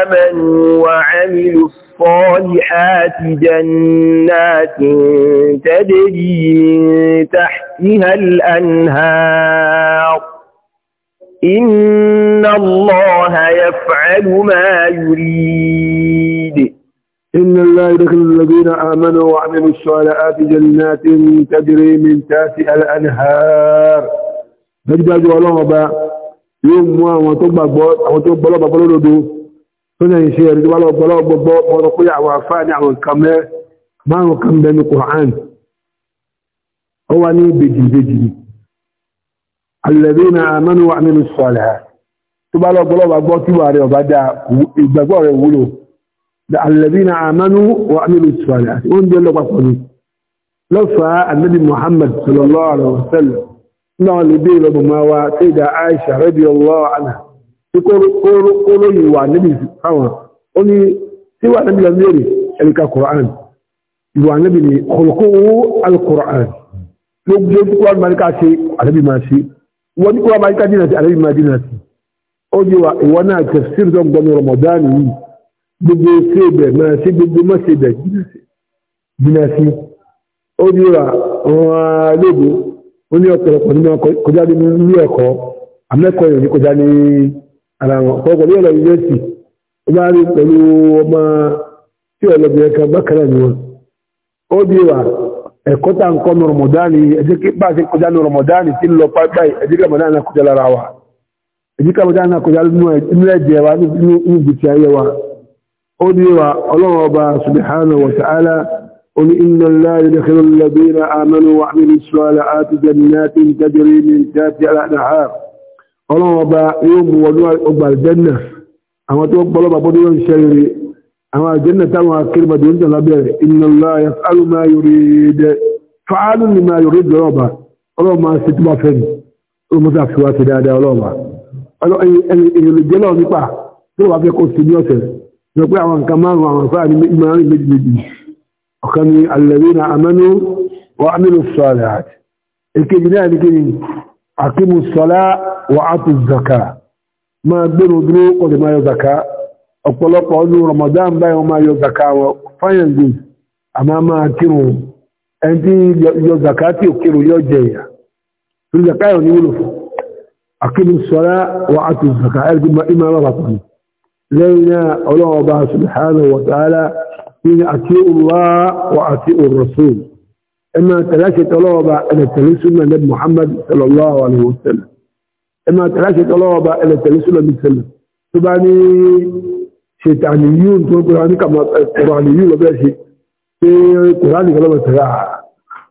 آمنوا وعملوا الصالحات جنات تجري من تحتها الأنهار إن الله يفعل ما يريد إن الله يدخل الذين آمنوا وعملوا الصالحات جنات تجري من تحتها الأنهار فجدوا الله يوم ما وتبقى وتبقى tó lè ṣe ẹ̀rí wà lọ́gbọ́lọ́ gbogbo ọ̀rọ̀ pé àwọn afá ní àwọn nǹkan mẹ́ márùn kan bẹnu Qur'an ó wá ní bèjìbèjì alladhina amanu wa aminu salihat tó bá lọ́gbọ́lọ́ bá gbọ́ tí wà rẹ̀ ọ̀bá dá ìgbàgbọ́ rẹ̀ wúlò alladhina amanu wa aminu salihat ó ń jẹ́ lọ́pàpọ̀ ni lọ́fàá annabi Muhammad sallallahu alaihi wasallam náà lè bí ìlọ́gbọ̀n máa wá Sayyida Aisha radiyallahu anha tí kó lóyìn wà níbi fáwọn ó ní tí wà níbi lọ́mẹ́rì ẹ̀ríkà kùrán ìwà níbi ni kòlòkòwò alkùrán ló gbé tí kúrán máa ní ká ṣe àdébì máa ṣe wọ́n ní kúrán máa ní ká dínà sí àdébì máa dínà sí wa ìwọ náà tafsir tó Ramadan yìí gbogbo ṣe bẹ̀ máa ṣe gbogbo má ṣe wa wọn lóògùn ó ní ọ̀pọ̀lọpọ̀ nínú kọjá ní ilé ẹ̀kọ́ amẹ́kọ̀ọ́ ní ara wọn kọ́ pẹ̀lú ọ̀nà yunifásitì ó bá rí pẹ̀lú ọmọ tí ọ̀lọ́bìnrin kan bákan náà ni wọn. ó di wa ẹ̀kọ́ tá ń kọ́ ní rọmọdánì ẹ̀jẹ̀ kí bá a ti kọjá ní rọmọdánì tí ń lọ pápá ẹ̀jẹ̀ kí rọmọdánì náà kọjá lára wa ẹ̀jẹ̀ kí rọmọdánì náà kọjá nínú ẹ̀jẹ̀ wa nínú ìgbìtì ayé wa. ó di wa ọlọ́run ọba subhanahu wa ta'ala قل إن الله يدخل الذين آمنوا وعملوا الصالحات ọlọ́run ọba yóò mú wọnú ọgbà àlùjẹ́nà àwọn tó gbọ́ lọ́ba bọ́dọ̀ yóò ń ṣẹ́rere àwọn àlùjẹ́nà táwọn akérèmọdé ń tẹ̀lá bẹ̀rẹ̀ ìnàlá yàtàlù máa yòrè dẹ fàálù ni máa yòrè dẹ ọba ọlọ́run máa ṣe tó bá fẹ́ ni ó mú sàfi wá sí dáadáa ọlọ́run wa èyàn lè jẹ́ lọ́wọ́ nípa tó wàá fẹ́ kó sí ní ọ̀sẹ̀ sọ pé àwọn àkímù sọ́lá wà átù zaka máa gbèrò dúró ọdẹ máa yọ zaka ọ̀pọ̀lọpọ̀ ọdún Ramadan báyọ̀ máa yọ zaka wọn fáyàn gùn àmá máa kírun ẹni tí yọ zaka tí ò kírun yọ jẹ ìyà tó zaka yọ ní wúlò fún àkímù sọ́lá wà átù zaka ẹgbẹ́ ìmọ̀ ọlọ́pàá tó ní lẹ́yìn náà ọlọ́wọ́ bá subhanahu wa ta'ala ní àti Allah wa àti ar-rasul اما ثلاثه طلبه إلى التلسل النبي محمد صلى الله عليه وسلم اما ثلاثه طلبه إلى التلسل النبي صلى الله عليه وسلم تباني شيطانيون تقراني كما قرانيون ولا شيء قراني كلام سريع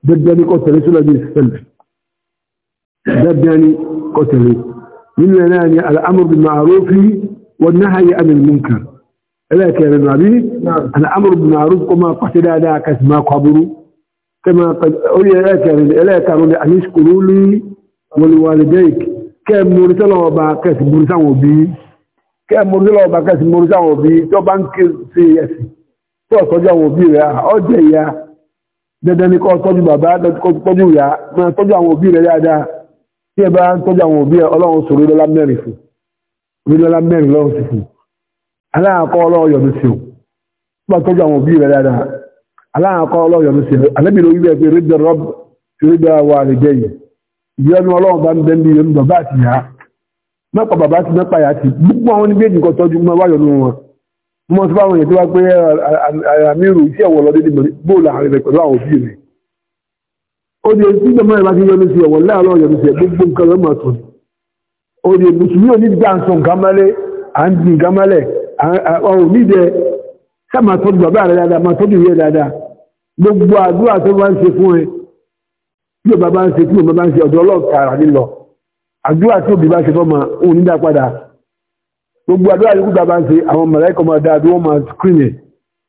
دداني كو تلسل النبي صلى الله عليه وسلم دداني كو تلسل من يعني الامر بالمعروف والنهي عن المنكر الا كان النبي الامر بالمعروف كما قتل ذاك ما قبروا كما قد أولي إليك من أن يشكروا لي ولوالديك كم مرسل وباكس مرسل وبي كم مرسل وباكس مرسل وبي تو بانك سيسي tó ọ̀tọ́jú àwọn òbí rẹ̀ ọjẹ́ ìyá dandan ní kọ́ tọ́jú bàbá tọ́jú ìyá máa tọ́jú àwọn òbí rẹ̀ dáadáa tí ẹ bá ń tọ́jú àwọn òbí rẹ̀ ọlọ́run sọ̀rọ̀ lọ́lá mẹ́rin fún lọ́lá mẹ́rin lọ́run sì fún aláàkọ́ ọlọ́run yọ̀mí sí o bá tọ́jú àwọn òbí rẹ̀ dáadáa aláàkọ́ ọlọ́yọ̀nù sí alẹ́bí ló wíwẹ́ pé rídà rọ́b rídà wà lè jẹ́ yìí ìyọnu ọlọ́run bá ń bẹ́ ní ìyọnu bàbá àti ìyá mẹ́pa bàbá àti mẹ́pa ìyá ti gbogbo àwọn oníbí èjì kan tọ́jú mọ́ wáyọ̀nù wọn mọ́ sí báwọn èèyàn tó wá pé àmírù iṣẹ́ ọ̀wọ̀ lọ́dẹ́ ní bóòlù àárín rẹ̀ pẹ̀lú àwọn òbí rẹ̀ ó di etí ìgbà mẹ́rin bá ti yọnu sí ọ̀wọ̀ láàárọ̀ yọnu sí gbogbo nǹkan lọ́mọ tó ó di mùsùlùmí ò ní ìdí àǹsọ̀ nǹkan mẹ́lẹ̀ à ń di nǹkan mẹ́lẹ̀ àwọn òbí rẹ̀ sáà máa tọ́jú bàbá rẹ̀ dáadáa máa tọ́jú ìyẹ́ dáadáa gbogbo àdúrà tó bá ń ṣe fún ẹ tí ò bàbá ń ṣe tí ò bàbá ń ṣe ọ̀dọ̀ ọlọ́ọ̀kàrà nílọ àdúrà tí òbí bá fọ́mà gbogbo àdúrà bá ń àwọn mọ̀lẹ́kọ̀ máa dá àdúrà máa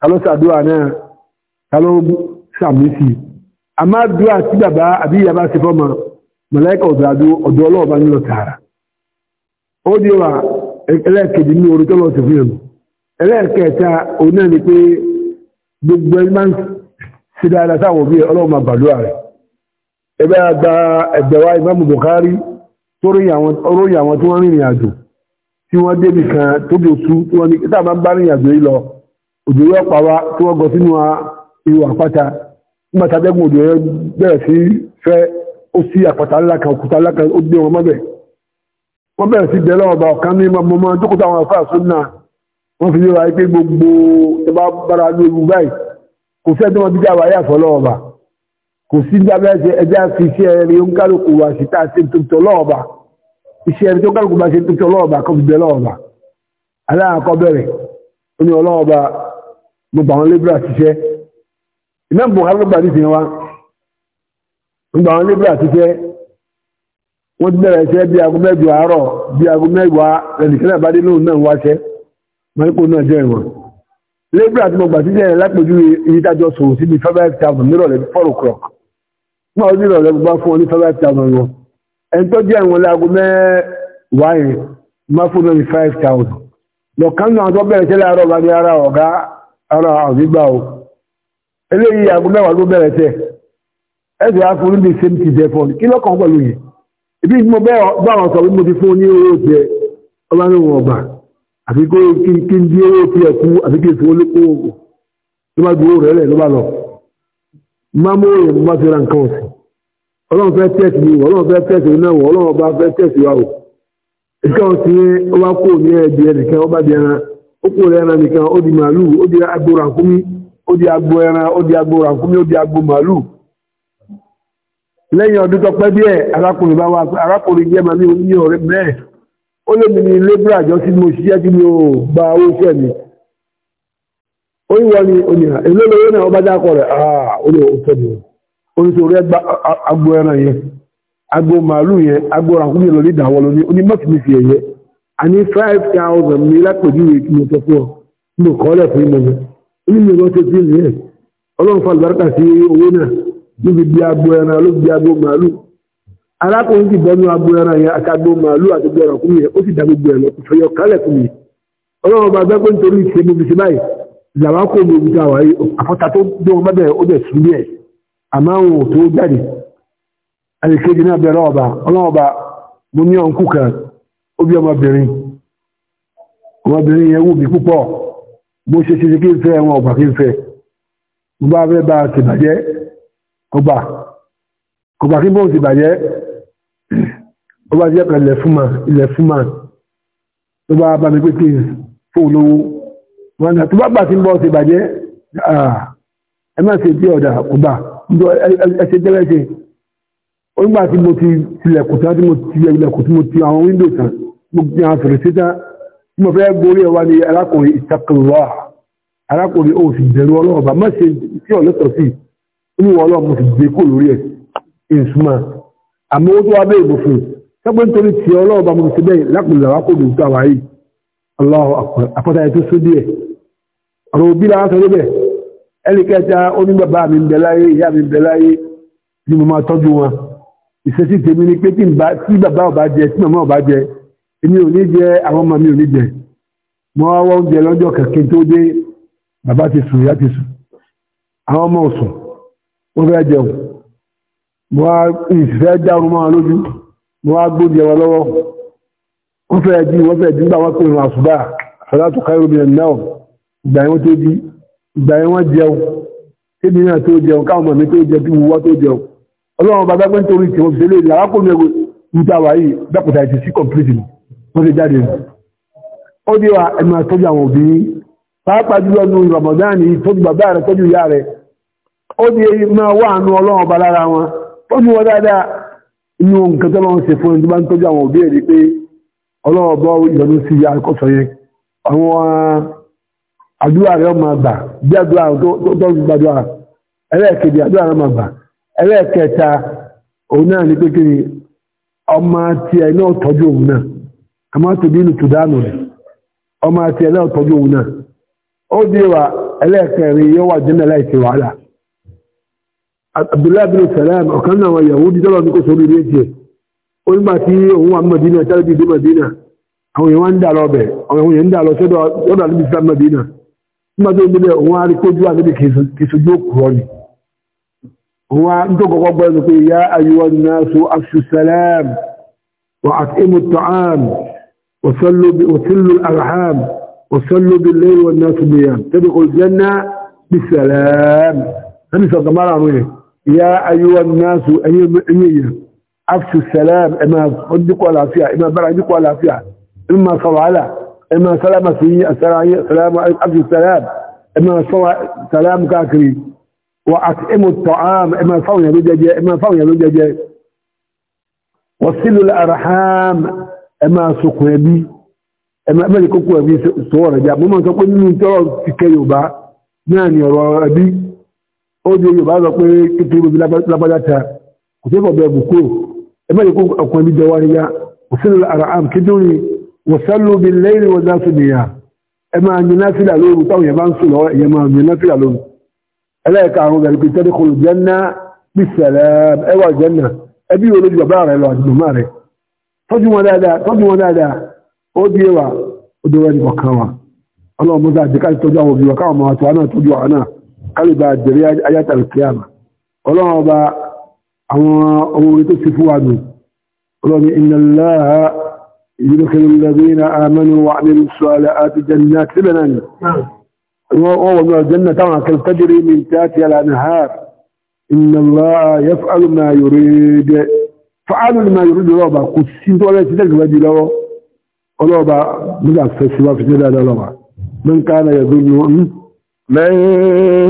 kálọ́ sàdúrà náà kálọ́ àmọ́ àdúrà tí bàbá àbí ìyá bá fọ́mà mọ̀lẹ́kọ̀ ọ̀dọ̀ ó sí dáadáa sáwọn òbí ọlọ́run máa gbàdúrà rẹ̀ ẹgbẹ́ àgbà ẹgbẹ̀wá Imam Bukhari tó ròyìn àwọn tí wọ́n rìnrìn àjò tí wọ́n débi kan tó bí oṣù tí wọ́n ní tá a máa ń bá rìnrìn àjò yìí lọ òjò yóò pa wá tí wọ́n gọ sínú ihò àpáta nígbà tá a dẹ́gun òjò yẹn bẹ̀rẹ̀ sí fẹ́ ó sí àpáta ńlá kan òkúta ńlá kan ó gbé wọn mọ́bẹ̀ wọ́n bẹ̀rẹ̀ sí bẹ̀rẹ̀ ọba ọ̀kan ní mọ́mọ́ tó táwọn afáàsó náà wọ́n fi yóò wáyé pé gbogbo ẹ bára lóru báyìí kò fẹ́ tó wọn bí dáwà yà fọlọ́ọ̀bà kò sí dábẹ́ẹ̀sẹ̀ ẹjá fi iṣẹ́ rẹ̀ ń kálukú wá sí tá a ṣe tuntun lọ́ọ̀bà iṣẹ́ rẹ̀ tó kálukú bá ṣe tuntun lọ́ọ̀bà kọ́ fi bẹ lọ́ọ̀bà aláàkọ́ bẹ̀rẹ̀ ó ní ọlọ́ọ̀bà gbogbo àwọn lébúrà ṣiṣẹ́ Imam Buhari ló gbà ní wa gbogbo àwọn lébúrà ṣiṣẹ́ wọ́n ti bẹ̀rẹ̀ iṣẹ́ bí aago mẹ́jọ àárọ̀ bí aago mẹ́wàá ẹnìkan náà bá dé lóhùn náà wáṣẹ́ mọ́ríkò lébìrà tí mo gbà síjẹ́ yẹn lápòjú ìdájọ́ sòwò sí bí five thousand nírọ̀lẹ́ four o'clock náà ó nírọ̀lẹ́ bá fún ọ ní five thousand wọn ẹni tó jẹ́ ìwọ̀n láago mẹ́wàá yẹn má fún lórí five thousand lọ́kàn náà tó bẹ̀rẹ̀ tẹ́lẹ̀ àárọ̀ bá ní ara ọ̀gá ara àdúgbà o eléyìí aago mẹ́wàá tó bẹ̀rẹ̀ tẹ̀ ẹ sì á fún níbi same thing there fún kí lọ́kàn pẹ̀lú yìí ibi mo bá wọn sọ pé mo ti fún ní owó tiẹ̀ ọ àfi kó kí n dí owó fi ẹ̀kú àfi kí n fowó lóko oògùn ló bá gbowó rẹ̀ lẹ̀ ló bá lọ. má mú òye mo bá fi ra nǹkan ọ̀sìn ọlọ́run fẹ́ tẹ̀sí mi ọlọ́run fẹ́ tẹ̀sí mi náà wọ̀ ọlọ́run fẹ́ tẹ̀sí wa o. ọ̀sìn yẹn ó bá kó ní ẹ̀dì ẹnìkan ó bá di ẹran ó kó agbo ó di agbo ẹran ó lè mi ní lébúrà jọ tí mo ṣiṣẹ́ tí mo gba owó iṣẹ́ mi ó yíwọ ni oníhà èló lówó náà ọba dákọ̀ rẹ̀ àà ah, ó lè ó tẹ̀lé onítorí ẹgbà agbo ẹran yẹn agbo màálù yẹn agbo ràkúnmí lọ nídà wọ́n lóní oní mọ́tìmí fi ẹ̀yẹ a ní five thousand mi lápèjúwe kí mo sọ fún ọ mo kọ́ lẹ̀ fún ìmọ̀ yẹn ó ní mi lọ ṣe sí ìlú yẹn ọlọ́run fa àlùbáríkà sí owó náà níbi bí agbo ẹran ló bí agbo màálù arákùnrin ti bọ́nú agbo ẹran yẹn àtàgbò màálù àti gbogbo ẹran kúmìyẹ ó sì dá gbogbo ẹran kò fẹyọ kálẹ̀ kúmìyẹ ọlọ́run ọba gbẹ́gbẹ́ nítorí ìṣe gbogbo ṣe báyìí làwọn kò lè wùdà wà yìí àfọ́ta tó gbé wọn bẹ́ẹ̀ ó bẹ̀ sùn díẹ̀ àmọ́ àwọn ò tó jáde àlèkejì náà bẹ̀rẹ̀ ọba ọlọ́run ọba mo ní ọ̀nkú kan ó ọmọbìnrin ọmọbìnrin ọba bá jẹ́ kan ilẹ̀ fúnmà ilẹ̀ fúnmà tó bá bá mi wọn àti bá tí ń bọ́ ẹ má ṣe bí ṣe onígbà tí mo ti tilẹ̀kùn tán tí mo ti tí mo ti àwọn windo tán mo ti àwọn tán tí mo fẹ́ borí wá ní arákùnrin arákùnrin sì bẹ̀rù ọlọ́ọ̀bà má ṣe tí sí inú mo sì gbé kó lórí ẹ̀ àmọ́ ó tó wá bẹ́ẹ̀ bò fún nítorí tí ọlọ́ọ̀bá mo ti bẹ́ẹ̀ lápùlẹ̀ wá kò lè gbà wáyé aláwọ̀ àpọ́tà ẹ̀ tó sún díẹ̀ ọ̀rọ̀ òbí la sọ níbẹ̀ ẹnì kẹta ó ní bàbá mi ń bẹ láyé ìyá mi ń bẹ láyé ni mo máa tọ́jú wọn ìṣesí tèmi ni pé tí bàbá ò bá jẹ tí màmá ò bá jẹ èmi ò ní jẹ àwọn ọmọ mi ò ní jẹ mo wá wọ́n jẹ lọ́jọ́ kẹ̀kẹ́ tó dé bàbá ti sùn ìyá ti sùn àwọn ọmọ ò sùn wọ́n fẹ́ jẹun mo wá ìfẹ́ dárun máa lójú mo wá gbóbi ẹwà lọ́wọ́ wọ́n fẹ́ jí wọ́n fẹ́ jí nígbà wọ́n pè wọn àṣùbà àṣàlátù káyọ̀bì náà ìgbà yẹn wọ́n tó jí ìgbà yẹn wọ́n jẹun kébì náà tó jẹun káwọn ọmọ mi tó jẹun kí wọ́n tó jẹun ọlọ́run bàbá pé nítorí tí wọ́n fi lè làwọn kò ní ẹgbẹ́ níta wà yìí dákùtà ìtì sí kọ̀mpìlìtì wọ́n ti jáde nù. ó dé wa ẹnu àtọ́jú àwọn òbí pàápàá jùlọ nu Ramadan yìí tọ́jú bàbá rẹ̀ tọ́jú ìyá rẹ̀ ó dé máa ó ti wọ dáadáa inú nǹkan tó lọ́n ṣe fún ẹni tó bá ń tọ́jú àwọn òbí ẹ̀ pé ọlọ́ọ̀bọ ìyọnu sí akọ́sọ yẹn àwọn ah, àdúrà rẹ̀ máa gbà bí àdúrà tó ń gbàdúrà ẹlẹ́ẹ̀kejì àdúrà rẹ̀ máa gbà ẹlẹ́ẹ̀kẹta òun náà ní ọmọ àti ẹ̀ náà tọ́jú òun náà àmọ́ inú rẹ̀ ọmọ àti ẹ̀ náà tọ́jú òun náà ó dé wa yóò wà wàhálà abdullahi bin salam ọ̀kan náà yahudi tọ́lọ̀ ní kò sórí ilé jẹ́ ó nígbà tí òun wà mọ̀dínà tẹ́lẹ̀bí dé mọ̀dínà àwọn èèyàn ń dà lọ bẹ̀ àwọn èèyàn ń dà lọ sọ́dọ̀ ọ̀dọ̀ àdúgbò islam mọ̀dínà nígbà tó ń bílẹ̀ òun á rí kójú àdúgbò kìsojú òkúrọ̀ ni òun á ń tó kọ́kọ́ gbọ́ ẹnu يا أيها الناس أيها أيها أفشوا السلام إما صدقوا العافية إما برعدقوا العافية إما صوعلا إما سلام فيه السلام عليكم أفشوا السلام إما صوع سلام كاكري وأطعموا الطعام إما صويا بجاجة إما صويا بجاجة وصلوا الأرحام إما سقوا بي إما أملكوا بي صورة جاء مما تقول من ترى في كيوبا ناني ربي o di yorùbá lọ pé kékeré bóbi lágbájá ta kò sí ọ̀bẹ ẹ̀bù kúrò ẹ má yẹ kó ọkùnrin bí jọwọ́ níyà òsínú ara àm kíndùnì wọ̀sánlú bí lẹ́yìn wọn láti nìyà ẹ máa ní náfìlà lóru táwọn yẹn bá ń sùn lọ́wọ́ máa ní lóru ẹlẹ́ẹ̀ka àwọn tẹ́lẹ̀ jẹ́nà ẹwà jẹ́nà ẹbí wo lójú bàbá rẹ lọ àdùnnú má rẹ tọ́jú wọn dáadáa tọ́jú wọn dáadáa kálíbà jẹ̀rí ayáta alkiyama ọlọ́run ọba àwọn ọmọ orí tó ti fún wa nù ọlọ́run iná láàá ìdíkẹ̀lú lẹ́bìnà àmẹ́nu wà nínú sọ́ọ̀lẹ̀ àti jẹ́nà síbẹ̀ náà ni wọ́n wọ́n wọ́n jẹ́nà táwọn akẹ́lẹ̀ tẹ́jìrì mi tí a ti yàrá ní haar iná láàá yẹ fàálù máa yòrè dẹ fàálù من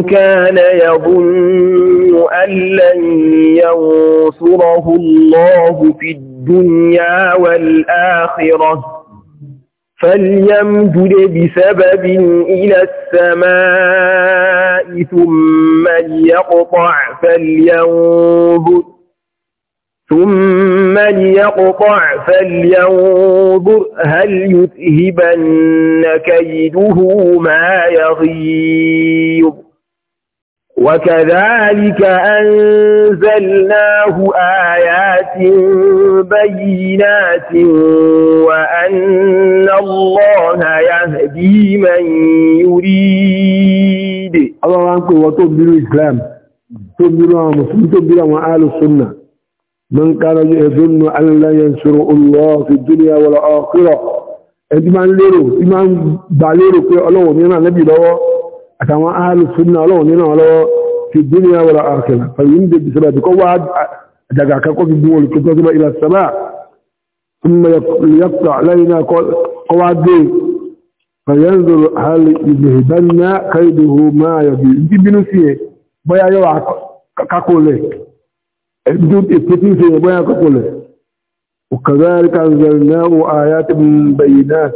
كان يظن أن لن ينصره الله في الدنيا والآخرة فليمدد بسبب إلى السماء ثم ليقطع فلينظر ثم ليقطع فلينظر هل يذهبن كيده ما يغيظ وكذلك أنزلناه آيات بينات وأن الله يهدي من يريد الله عنك وتبدل الإسلام تبدل تبدل وآل السنة من كان يظن أن لا ينصر الله في الدنيا والآخرة ẹni máa ń lérò tí máa ń gbà lérò pé ọlọ́wọ̀ mìíràn lẹ́bì lọ́wọ́ àtàwọn alùsùnà ọlọ́wọ̀ mìíràn lọ́wọ́ fi dúnìyà wọ́la àkẹlà pẹ̀lú ní débi sọ́dá bí kọ́ wá àjàgà akẹ́kọ́ fi gún olùkẹ́kọ́ tó bá ilẹ̀ sábà ọmọ yàtọ̀ lẹ́yìn náà kọ́ wá dé fẹ̀yẹ́ndò hali ìgbẹ̀hìbánná káyìdòhò máa yọ̀bì bínú sí ẹ̀ bọ́yá yọ ẹ̀dùn ìpìtì ṣe yẹ̀ bóyá kọ́kọ́lẹ̀ وكذلك أنزلناه آيات بينات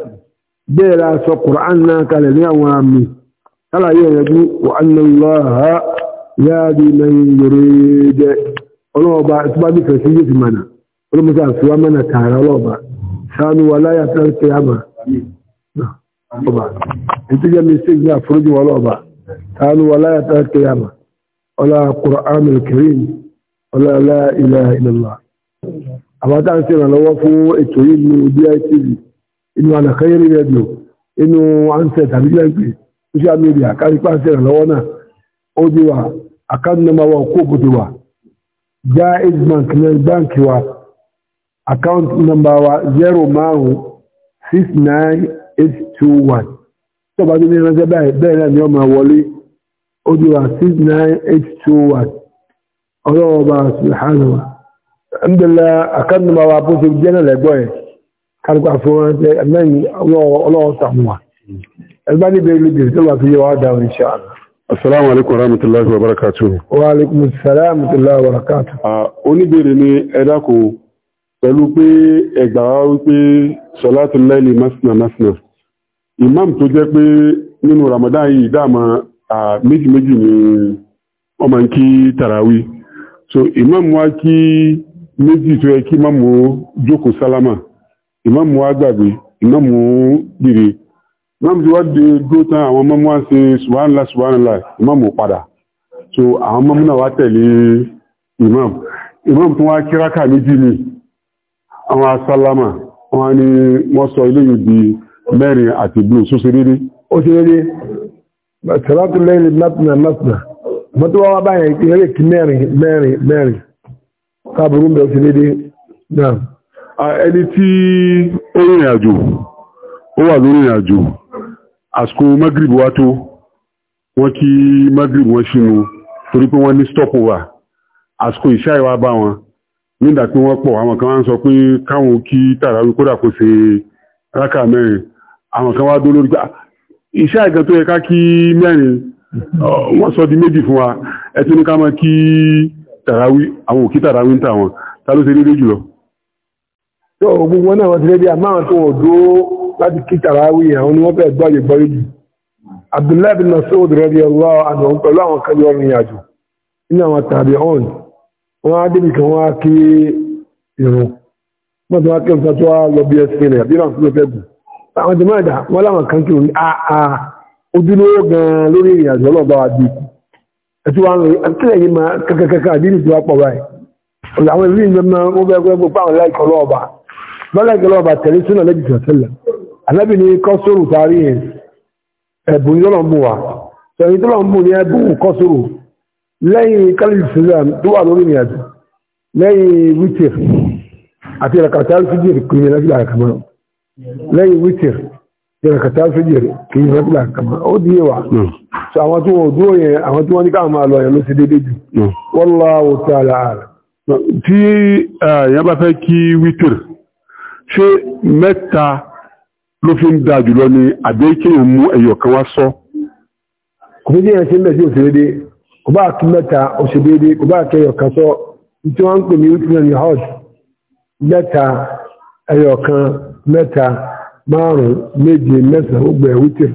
بلا سو قرآننا كالنيا وامي ألا يجو وأن الله يهدي من يريد ọlọ́ọ̀bá tó bá bí fẹ̀sí yìí ti mọ̀nà olóòmùsá àfíwá mọ̀nà tààrà ọlọ́ọ̀bá sáánú wà láyà tẹ́lẹ̀ tẹ́ àmà ọlọ́ọ̀bá ìtújẹ́ mi sí ìgbà fúrújú ọlọ́ọ̀bá sáánú wà láyà tẹ́lẹ̀ tẹ́ àmà ọlọ́ọ̀lá ilẹ̀ ìlọ́lá àbátá ń ṣèrànlọ́wọ́ fún ètò yìí ní bitv inú àlàkáyérí rẹ́díò inú ansẹ̀ tàbí lẹ́gbẹ̀ẹ́ social media kárípá ń ṣèrànlọ́wọ́ náà ó di wa àkánnámáwá kóòbù ti wà já aid bank ní báǹkì wa account number wa zero márùn six nine eight two one tó bá tó ní ránṣẹ́ bẹ́ẹ̀ náà ni ó máa wọlé ó di wa six nine eight two one. ọlọ́ọ̀bá ṣùgbọ́n ẹ̀mdẹ̀lá àkànnàmà wa bó ṣe jẹ́ náà lẹ́gbọ́ ẹ̀ kálùkù àfọwọ́nṣẹ́ ẹ̀mẹ́yìn ọlọ́ọ̀tàmùwà ẹgbẹ́ níbi ilé bèrè tó wà fi yẹ wá àná. asalaamu alaykum wa rahmatulahi wa barakatu. wa alaykum salaam wa wa barakatu. oníbèrè ni ẹ dákun pẹ̀lú pé ẹgbà wa wípé masina masina imam tó jẹ́ pé nínú ramadan yìí dáàmà méjì méjì ni so ìmáàmù wa kí méjì tó yẹ kí ìmáàmù jókòó sálámà ìmáàmù wa gbàgbé ìmáàmù dìde ìmáàmù tí wá dé dúró tán àwọn ọmọ wa ṣe subhanallah subhanallah ìmáàmù padà so àwọn ọmọ náà wá tẹ̀lé ìmáàmù ìmáàmù tó wá kíráka méjì ni àwọn asálámà wọ́n ní wọ́n sọ ilé yìí di mẹ́rin àti blue sóṣe rírí ó ṣe rírí sàlátù lẹ́yìn látìnà látìnà mọ́tò wá wá báyẹn pé eré kí mẹ́rin mẹ́rin mẹ́rin káàbùrú ń bẹ̀ sí lédè náà. ẹni tí ó rìnrìn àjò ó wà lórí ìrìn àjò àsìkò magrib wá tó wọ́n kí magrib wọ́n sínú torí pé wọ́n ní stopover àsìkò ìṣá ìwà bá wọn nígbà tí wọ́n pọ̀ àwọn kan wá ń sọ pé káwọn kí tàràwí kódà kó ṣe rákà mẹ́rin àwọn kan wá dó lórí gbà ìṣá ìgbà tó yẹ ká kí mẹ́rin wọ́n sọ di méjì fún wa ẹtí ní ká máa kí tàràwí àwọn òkí tàràwí ń tà wọn ta ló ṣe dédé jùlọ. gbogbo náà wọ́n ti rẹ́bí àmáhàn tó wọ́n dúró láti kí tàràwí àwọn ni wọ́n fẹ́ gbọ́yè gbọ́yè jù Abdullahi bin Mas'ud radiyallahu anhu pẹ̀lú àwọn kan yọrùn ìrìn àjò nínú àwọn tàbí ọ̀n wọ́n á débi kan wọ́n á kí irun wọ́n ti wá kí nǹkan tó wá lọ bí ẹsẹ̀ rẹ̀ àbí náà fún ẹgbẹ́ gùn àwọn jẹ́mọ́ ẹ̀dá wọ́n láwọn kan kí òun ní àà ah, ah, ojúlówó gan lórí ìrìn àjò ọlọ́ọ̀bá wa bí ẹtí wa ń rìn àtìlẹ̀ yìí máa kàkàkàkà àdínì tí wá pọ̀ báyìí ọ̀dà àwọn ìlú ìjọba ó bẹ́ẹ̀ gbogbo páwọn láìkọ̀ ọlọ́ọ̀bá bá láìkọ̀ ọlọ́ọ̀bá tẹ̀lé sínú ọ̀lẹ́jì tẹ̀sẹ̀lẹ̀ alábì ní kọ́sòrò tarí yẹn ẹ̀bùn yọ́nà mú wa sọ̀rọ̀ tó lọ́n mú ní ẹ̀bùn kọ́sòrò lẹ́yìn kálífìsìlám tó wà lórí ìrìn àjò lẹ́yìn wítìr àti ìrẹ̀kàtà alfijir kìrìmìnà lẹ́yìn wítìr yẹn kàtà sójì rẹ̀ kì í rẹ́pìlà kàmá ó di yé wa hmm. so àwọn tí wọn ò dúró yẹn àwọn tí wọn ní káwọn máa lọ yẹn ló ṣe déédéé jù hmm. wallahu ta'ala ààrẹ. tí èèyàn bá fẹ́ kí wítìrì ṣé mẹ́ta ló fi ń da jùlọ ni àbí márùn méje mẹ́sàn ó gbẹ̀ wítìrì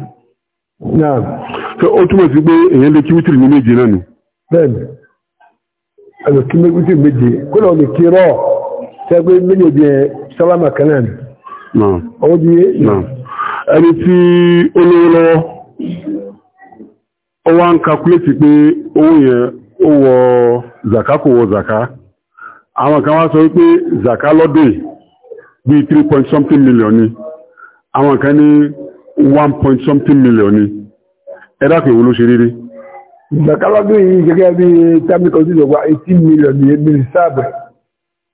náà. ó túmọ̀ sí pé èyàn lè kí wítìrì ní méje náà nù. bẹ́ẹ̀ni ẹ̀rọ kí wítìrì méje kó lọ́ọ́ lè kí sálámà ọwọ́ ẹni tí ó lówó lọ́wọ́ ó wá ń kakuléètì pé owó zaka kò zaka àwọn kan wá sọ zaka bíi three àwọn kan ní one point something million ni ẹ̀dá kò wúlò ṣe déédéé. ìgbàkálọ́dún yìí gẹ́gẹ́ bí tàbí kan sílẹ̀ wá eighteen million ní ebi ní sáàbù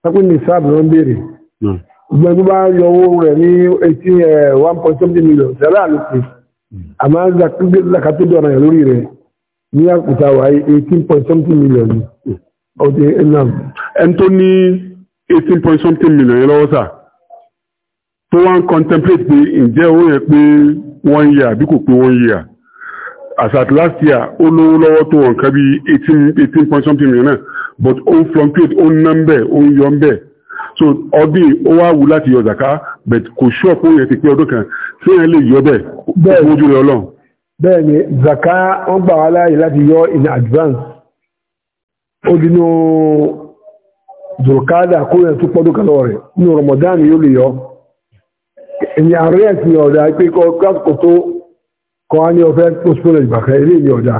sápẹ́ ní sáàbù ló ń béèrè. Hmm. tó bá yọ owó rẹ̀ ní eighteen eh, one point something million sẹ́lá ló pè àmọ́ àgbàkátó dọ̀nà yẹn lórí rẹ̀ ní àkùtà wá eighteen point something million ni. Hmm. Eh, ẹni tó ní eighteen point something million yẹn lọ́wọ́ sáà tó wá ń contemplate pé ǹjẹ́ owó yẹn pé one year àbí kò pé one year as at last year ó lówó lọ́wọ́ tó wọ̀n kan bí eighteen eighteen point something million but ó fluctuate ó ń ná ń ó ń yọ ń so ọdún ó wá wù láti yọ zaka but kò sure pé ó yẹ ti pé ọdún kan tí yẹn lè yọ bẹ́ẹ̀ ó kún rẹ̀ ọlọ́run. bẹ́ẹ̀ zaka wọ́n gbà wá láàyè láti yọ in advance ó dínú zurkada kó yẹn tún pọ́dún kan lọ́wọ́ rẹ̀ nínú Ramadan yóò lè yọ ìyà rẹ̀ sí ọ̀dá pé kọ́ tó kọ́ á ní ọ̀fẹ́ postpone ìgbàkan ilé ìyà ọ̀dá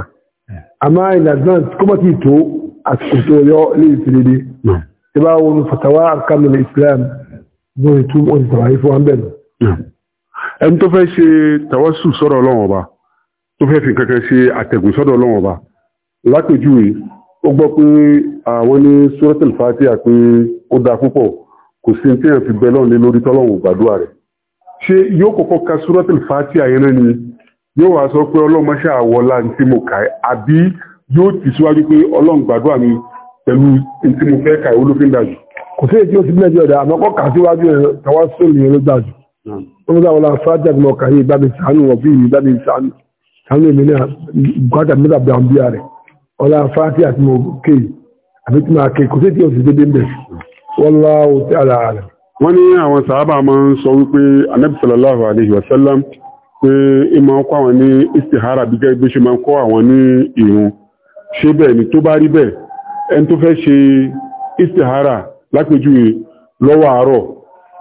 àmá in advance kọ́mọ̀ tí tó àsìkò tó yọ hmm. lè fi dédé tí bá wọn fatawa kamil islam wọn ni tún wọn tàbí fún wọn bẹ̀rẹ̀. Hmm. ẹni tó fẹ́ ṣe tàwásù sọ́dọ̀ ọlọ́wọ̀n ọba tó fẹ́ fi kankan ṣe àtẹ̀gùn sọ́dọ̀ ọlọ́wọ̀n ọba lápèjúwe ó gbọ́ pé àwọn kò sí ní tí èèyàn fi lórí tọ́lọ́run gbàdúrà rẹ̀ ṣe yóò kọ́kọ́ ka suratul fatiha yẹn náà ni yóò wá sọ pé ọlọ́mọ ṣáà wọlá ní tí mo kà ẹ́ àbí yóò ti síwájú pé ọlọ́run gbàdúrà mi pẹ̀lú tí mo fẹ́ kà ẹ́ olófin dàjú. kò sí èyí tí ó ti bílẹ̀ ọ̀dà àmọ́ kọ́ kà síwájú ẹ̀ tàwa sóòlù yẹn ló wọ́n mú tí mo kà rẹ̀ wọ́n ní àwọn sàábà máa ń sọ wípé Ànábì sallallahu alayhi wa sallam pé ìmọ̀ ọkọ̀ àwọn ní istihara bí gẹ́gẹ́ bí ṣe máa kọ́ àwọn ní ìrun ṣé bẹ́ẹ̀ ni tó bá rí bẹ́ẹ̀ ẹni tó fẹ́ ṣe istihara lápèjúwe lọ́wọ́ àárọ̀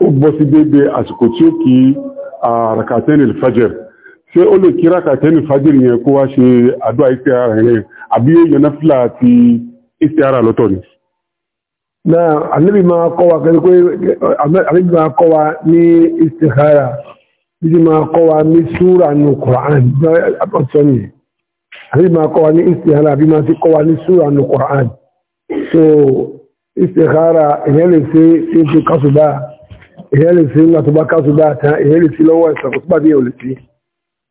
ó bọ́ sí déédéé àsìkò tí ó kí rakatẹ́nì fajr ṣé ó lè kí rakatẹ́nì fajr yẹn kó wá ṣe àdúrà istihara yẹn àbí yóò náfìlà àti istihara lọ́tọ̀ ni náà ànábì máa kọ́ wa pẹ̀lú pé ànábì máa kọ́ wa ní istikhara bíbí máa kọ́ wa ní súra nù Qur'an ọ̀sọ́nì ànábì máa kọ́ wa ní istikhara bí máa ti kọ́ wa ní súra nù Qur'an so istikhara èyàn se ṣe tí ó ti kásùbá èyàn lè ṣe ńlá tó bá kásùbá tán èyàn lè ṣe lọ́wọ́ ẹ̀sán kò tó bá dé ò lè ṣe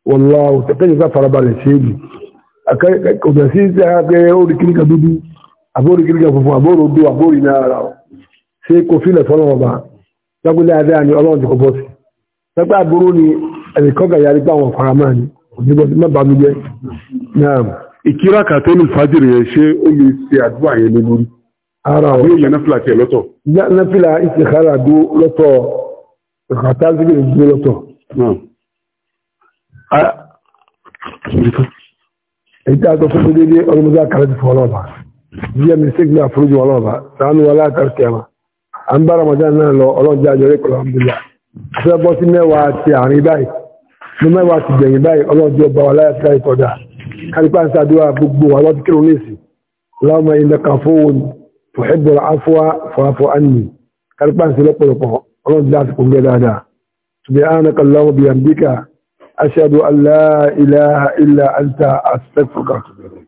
wọ́n lọ́wọ́ tẹ́tẹ́ nígbà farabalẹ̀ ṣe é jù kò bẹ̀ sí istikhara pé ó rí kíníkà dúdú àbórí gírígà funfun àbórí odó àbórí náírà ọ ṣé kò fílẹ̀ fọlọ́wọ́ bá lágbélé adá ni ọlọ́run ti kọ bọ́ sí lágbá àbúrò ni ẹnìkọ́gà yarí gbà wọn fara máa ni òdìbọn ti má bà mí jẹ́ náà. ìkírà kàtẹ́ ní fàájìrì yẹn ṣé ó lè ṣe àdúrà yẹn ní lórí. ara ọ̀ yóò yẹn náfìlà tiẹ̀ lọ́tọ̀. náfìlà ìṣèkára dó lọ́tọ̀ ìkàtà sílẹ̀ dó lọ́tọ̀. èyí tí a sọ fún mi déédéé ọlọ́mọdé àkàrà ti fọ́ ọlọ́ọ̀bà díẹ̀ mi sí gbé àforíjì wọn lọ́ba sàánú wọn látàrí kẹwàá à ń bá Ramadan náà lọ ọlọ́jà àjọyọ̀ ìkọlọ́ àmúlá fẹ́ bọ́ sí mẹ́wàá ti àárín báyìí ní mẹ́wàá ti gbẹ̀yìn báyìí ọlọ́jọ́ bá wà láyà síláyà ìtọ́jà kárípà ń sàdúrà gbogbo wa lọ́dún kírun nísì láwọn ilẹ̀ kan fóun fòhẹ́bọ̀ afọ́wá fọ́afọ́ ánì kárípà ń sí lọ́pọ̀lọpọ̀ ọlọ́jọ́ àti kò ń gẹ́ dáadáa سبحانك اللهم بحمدك أشهد أن لا إله إلا أنت أستغفرك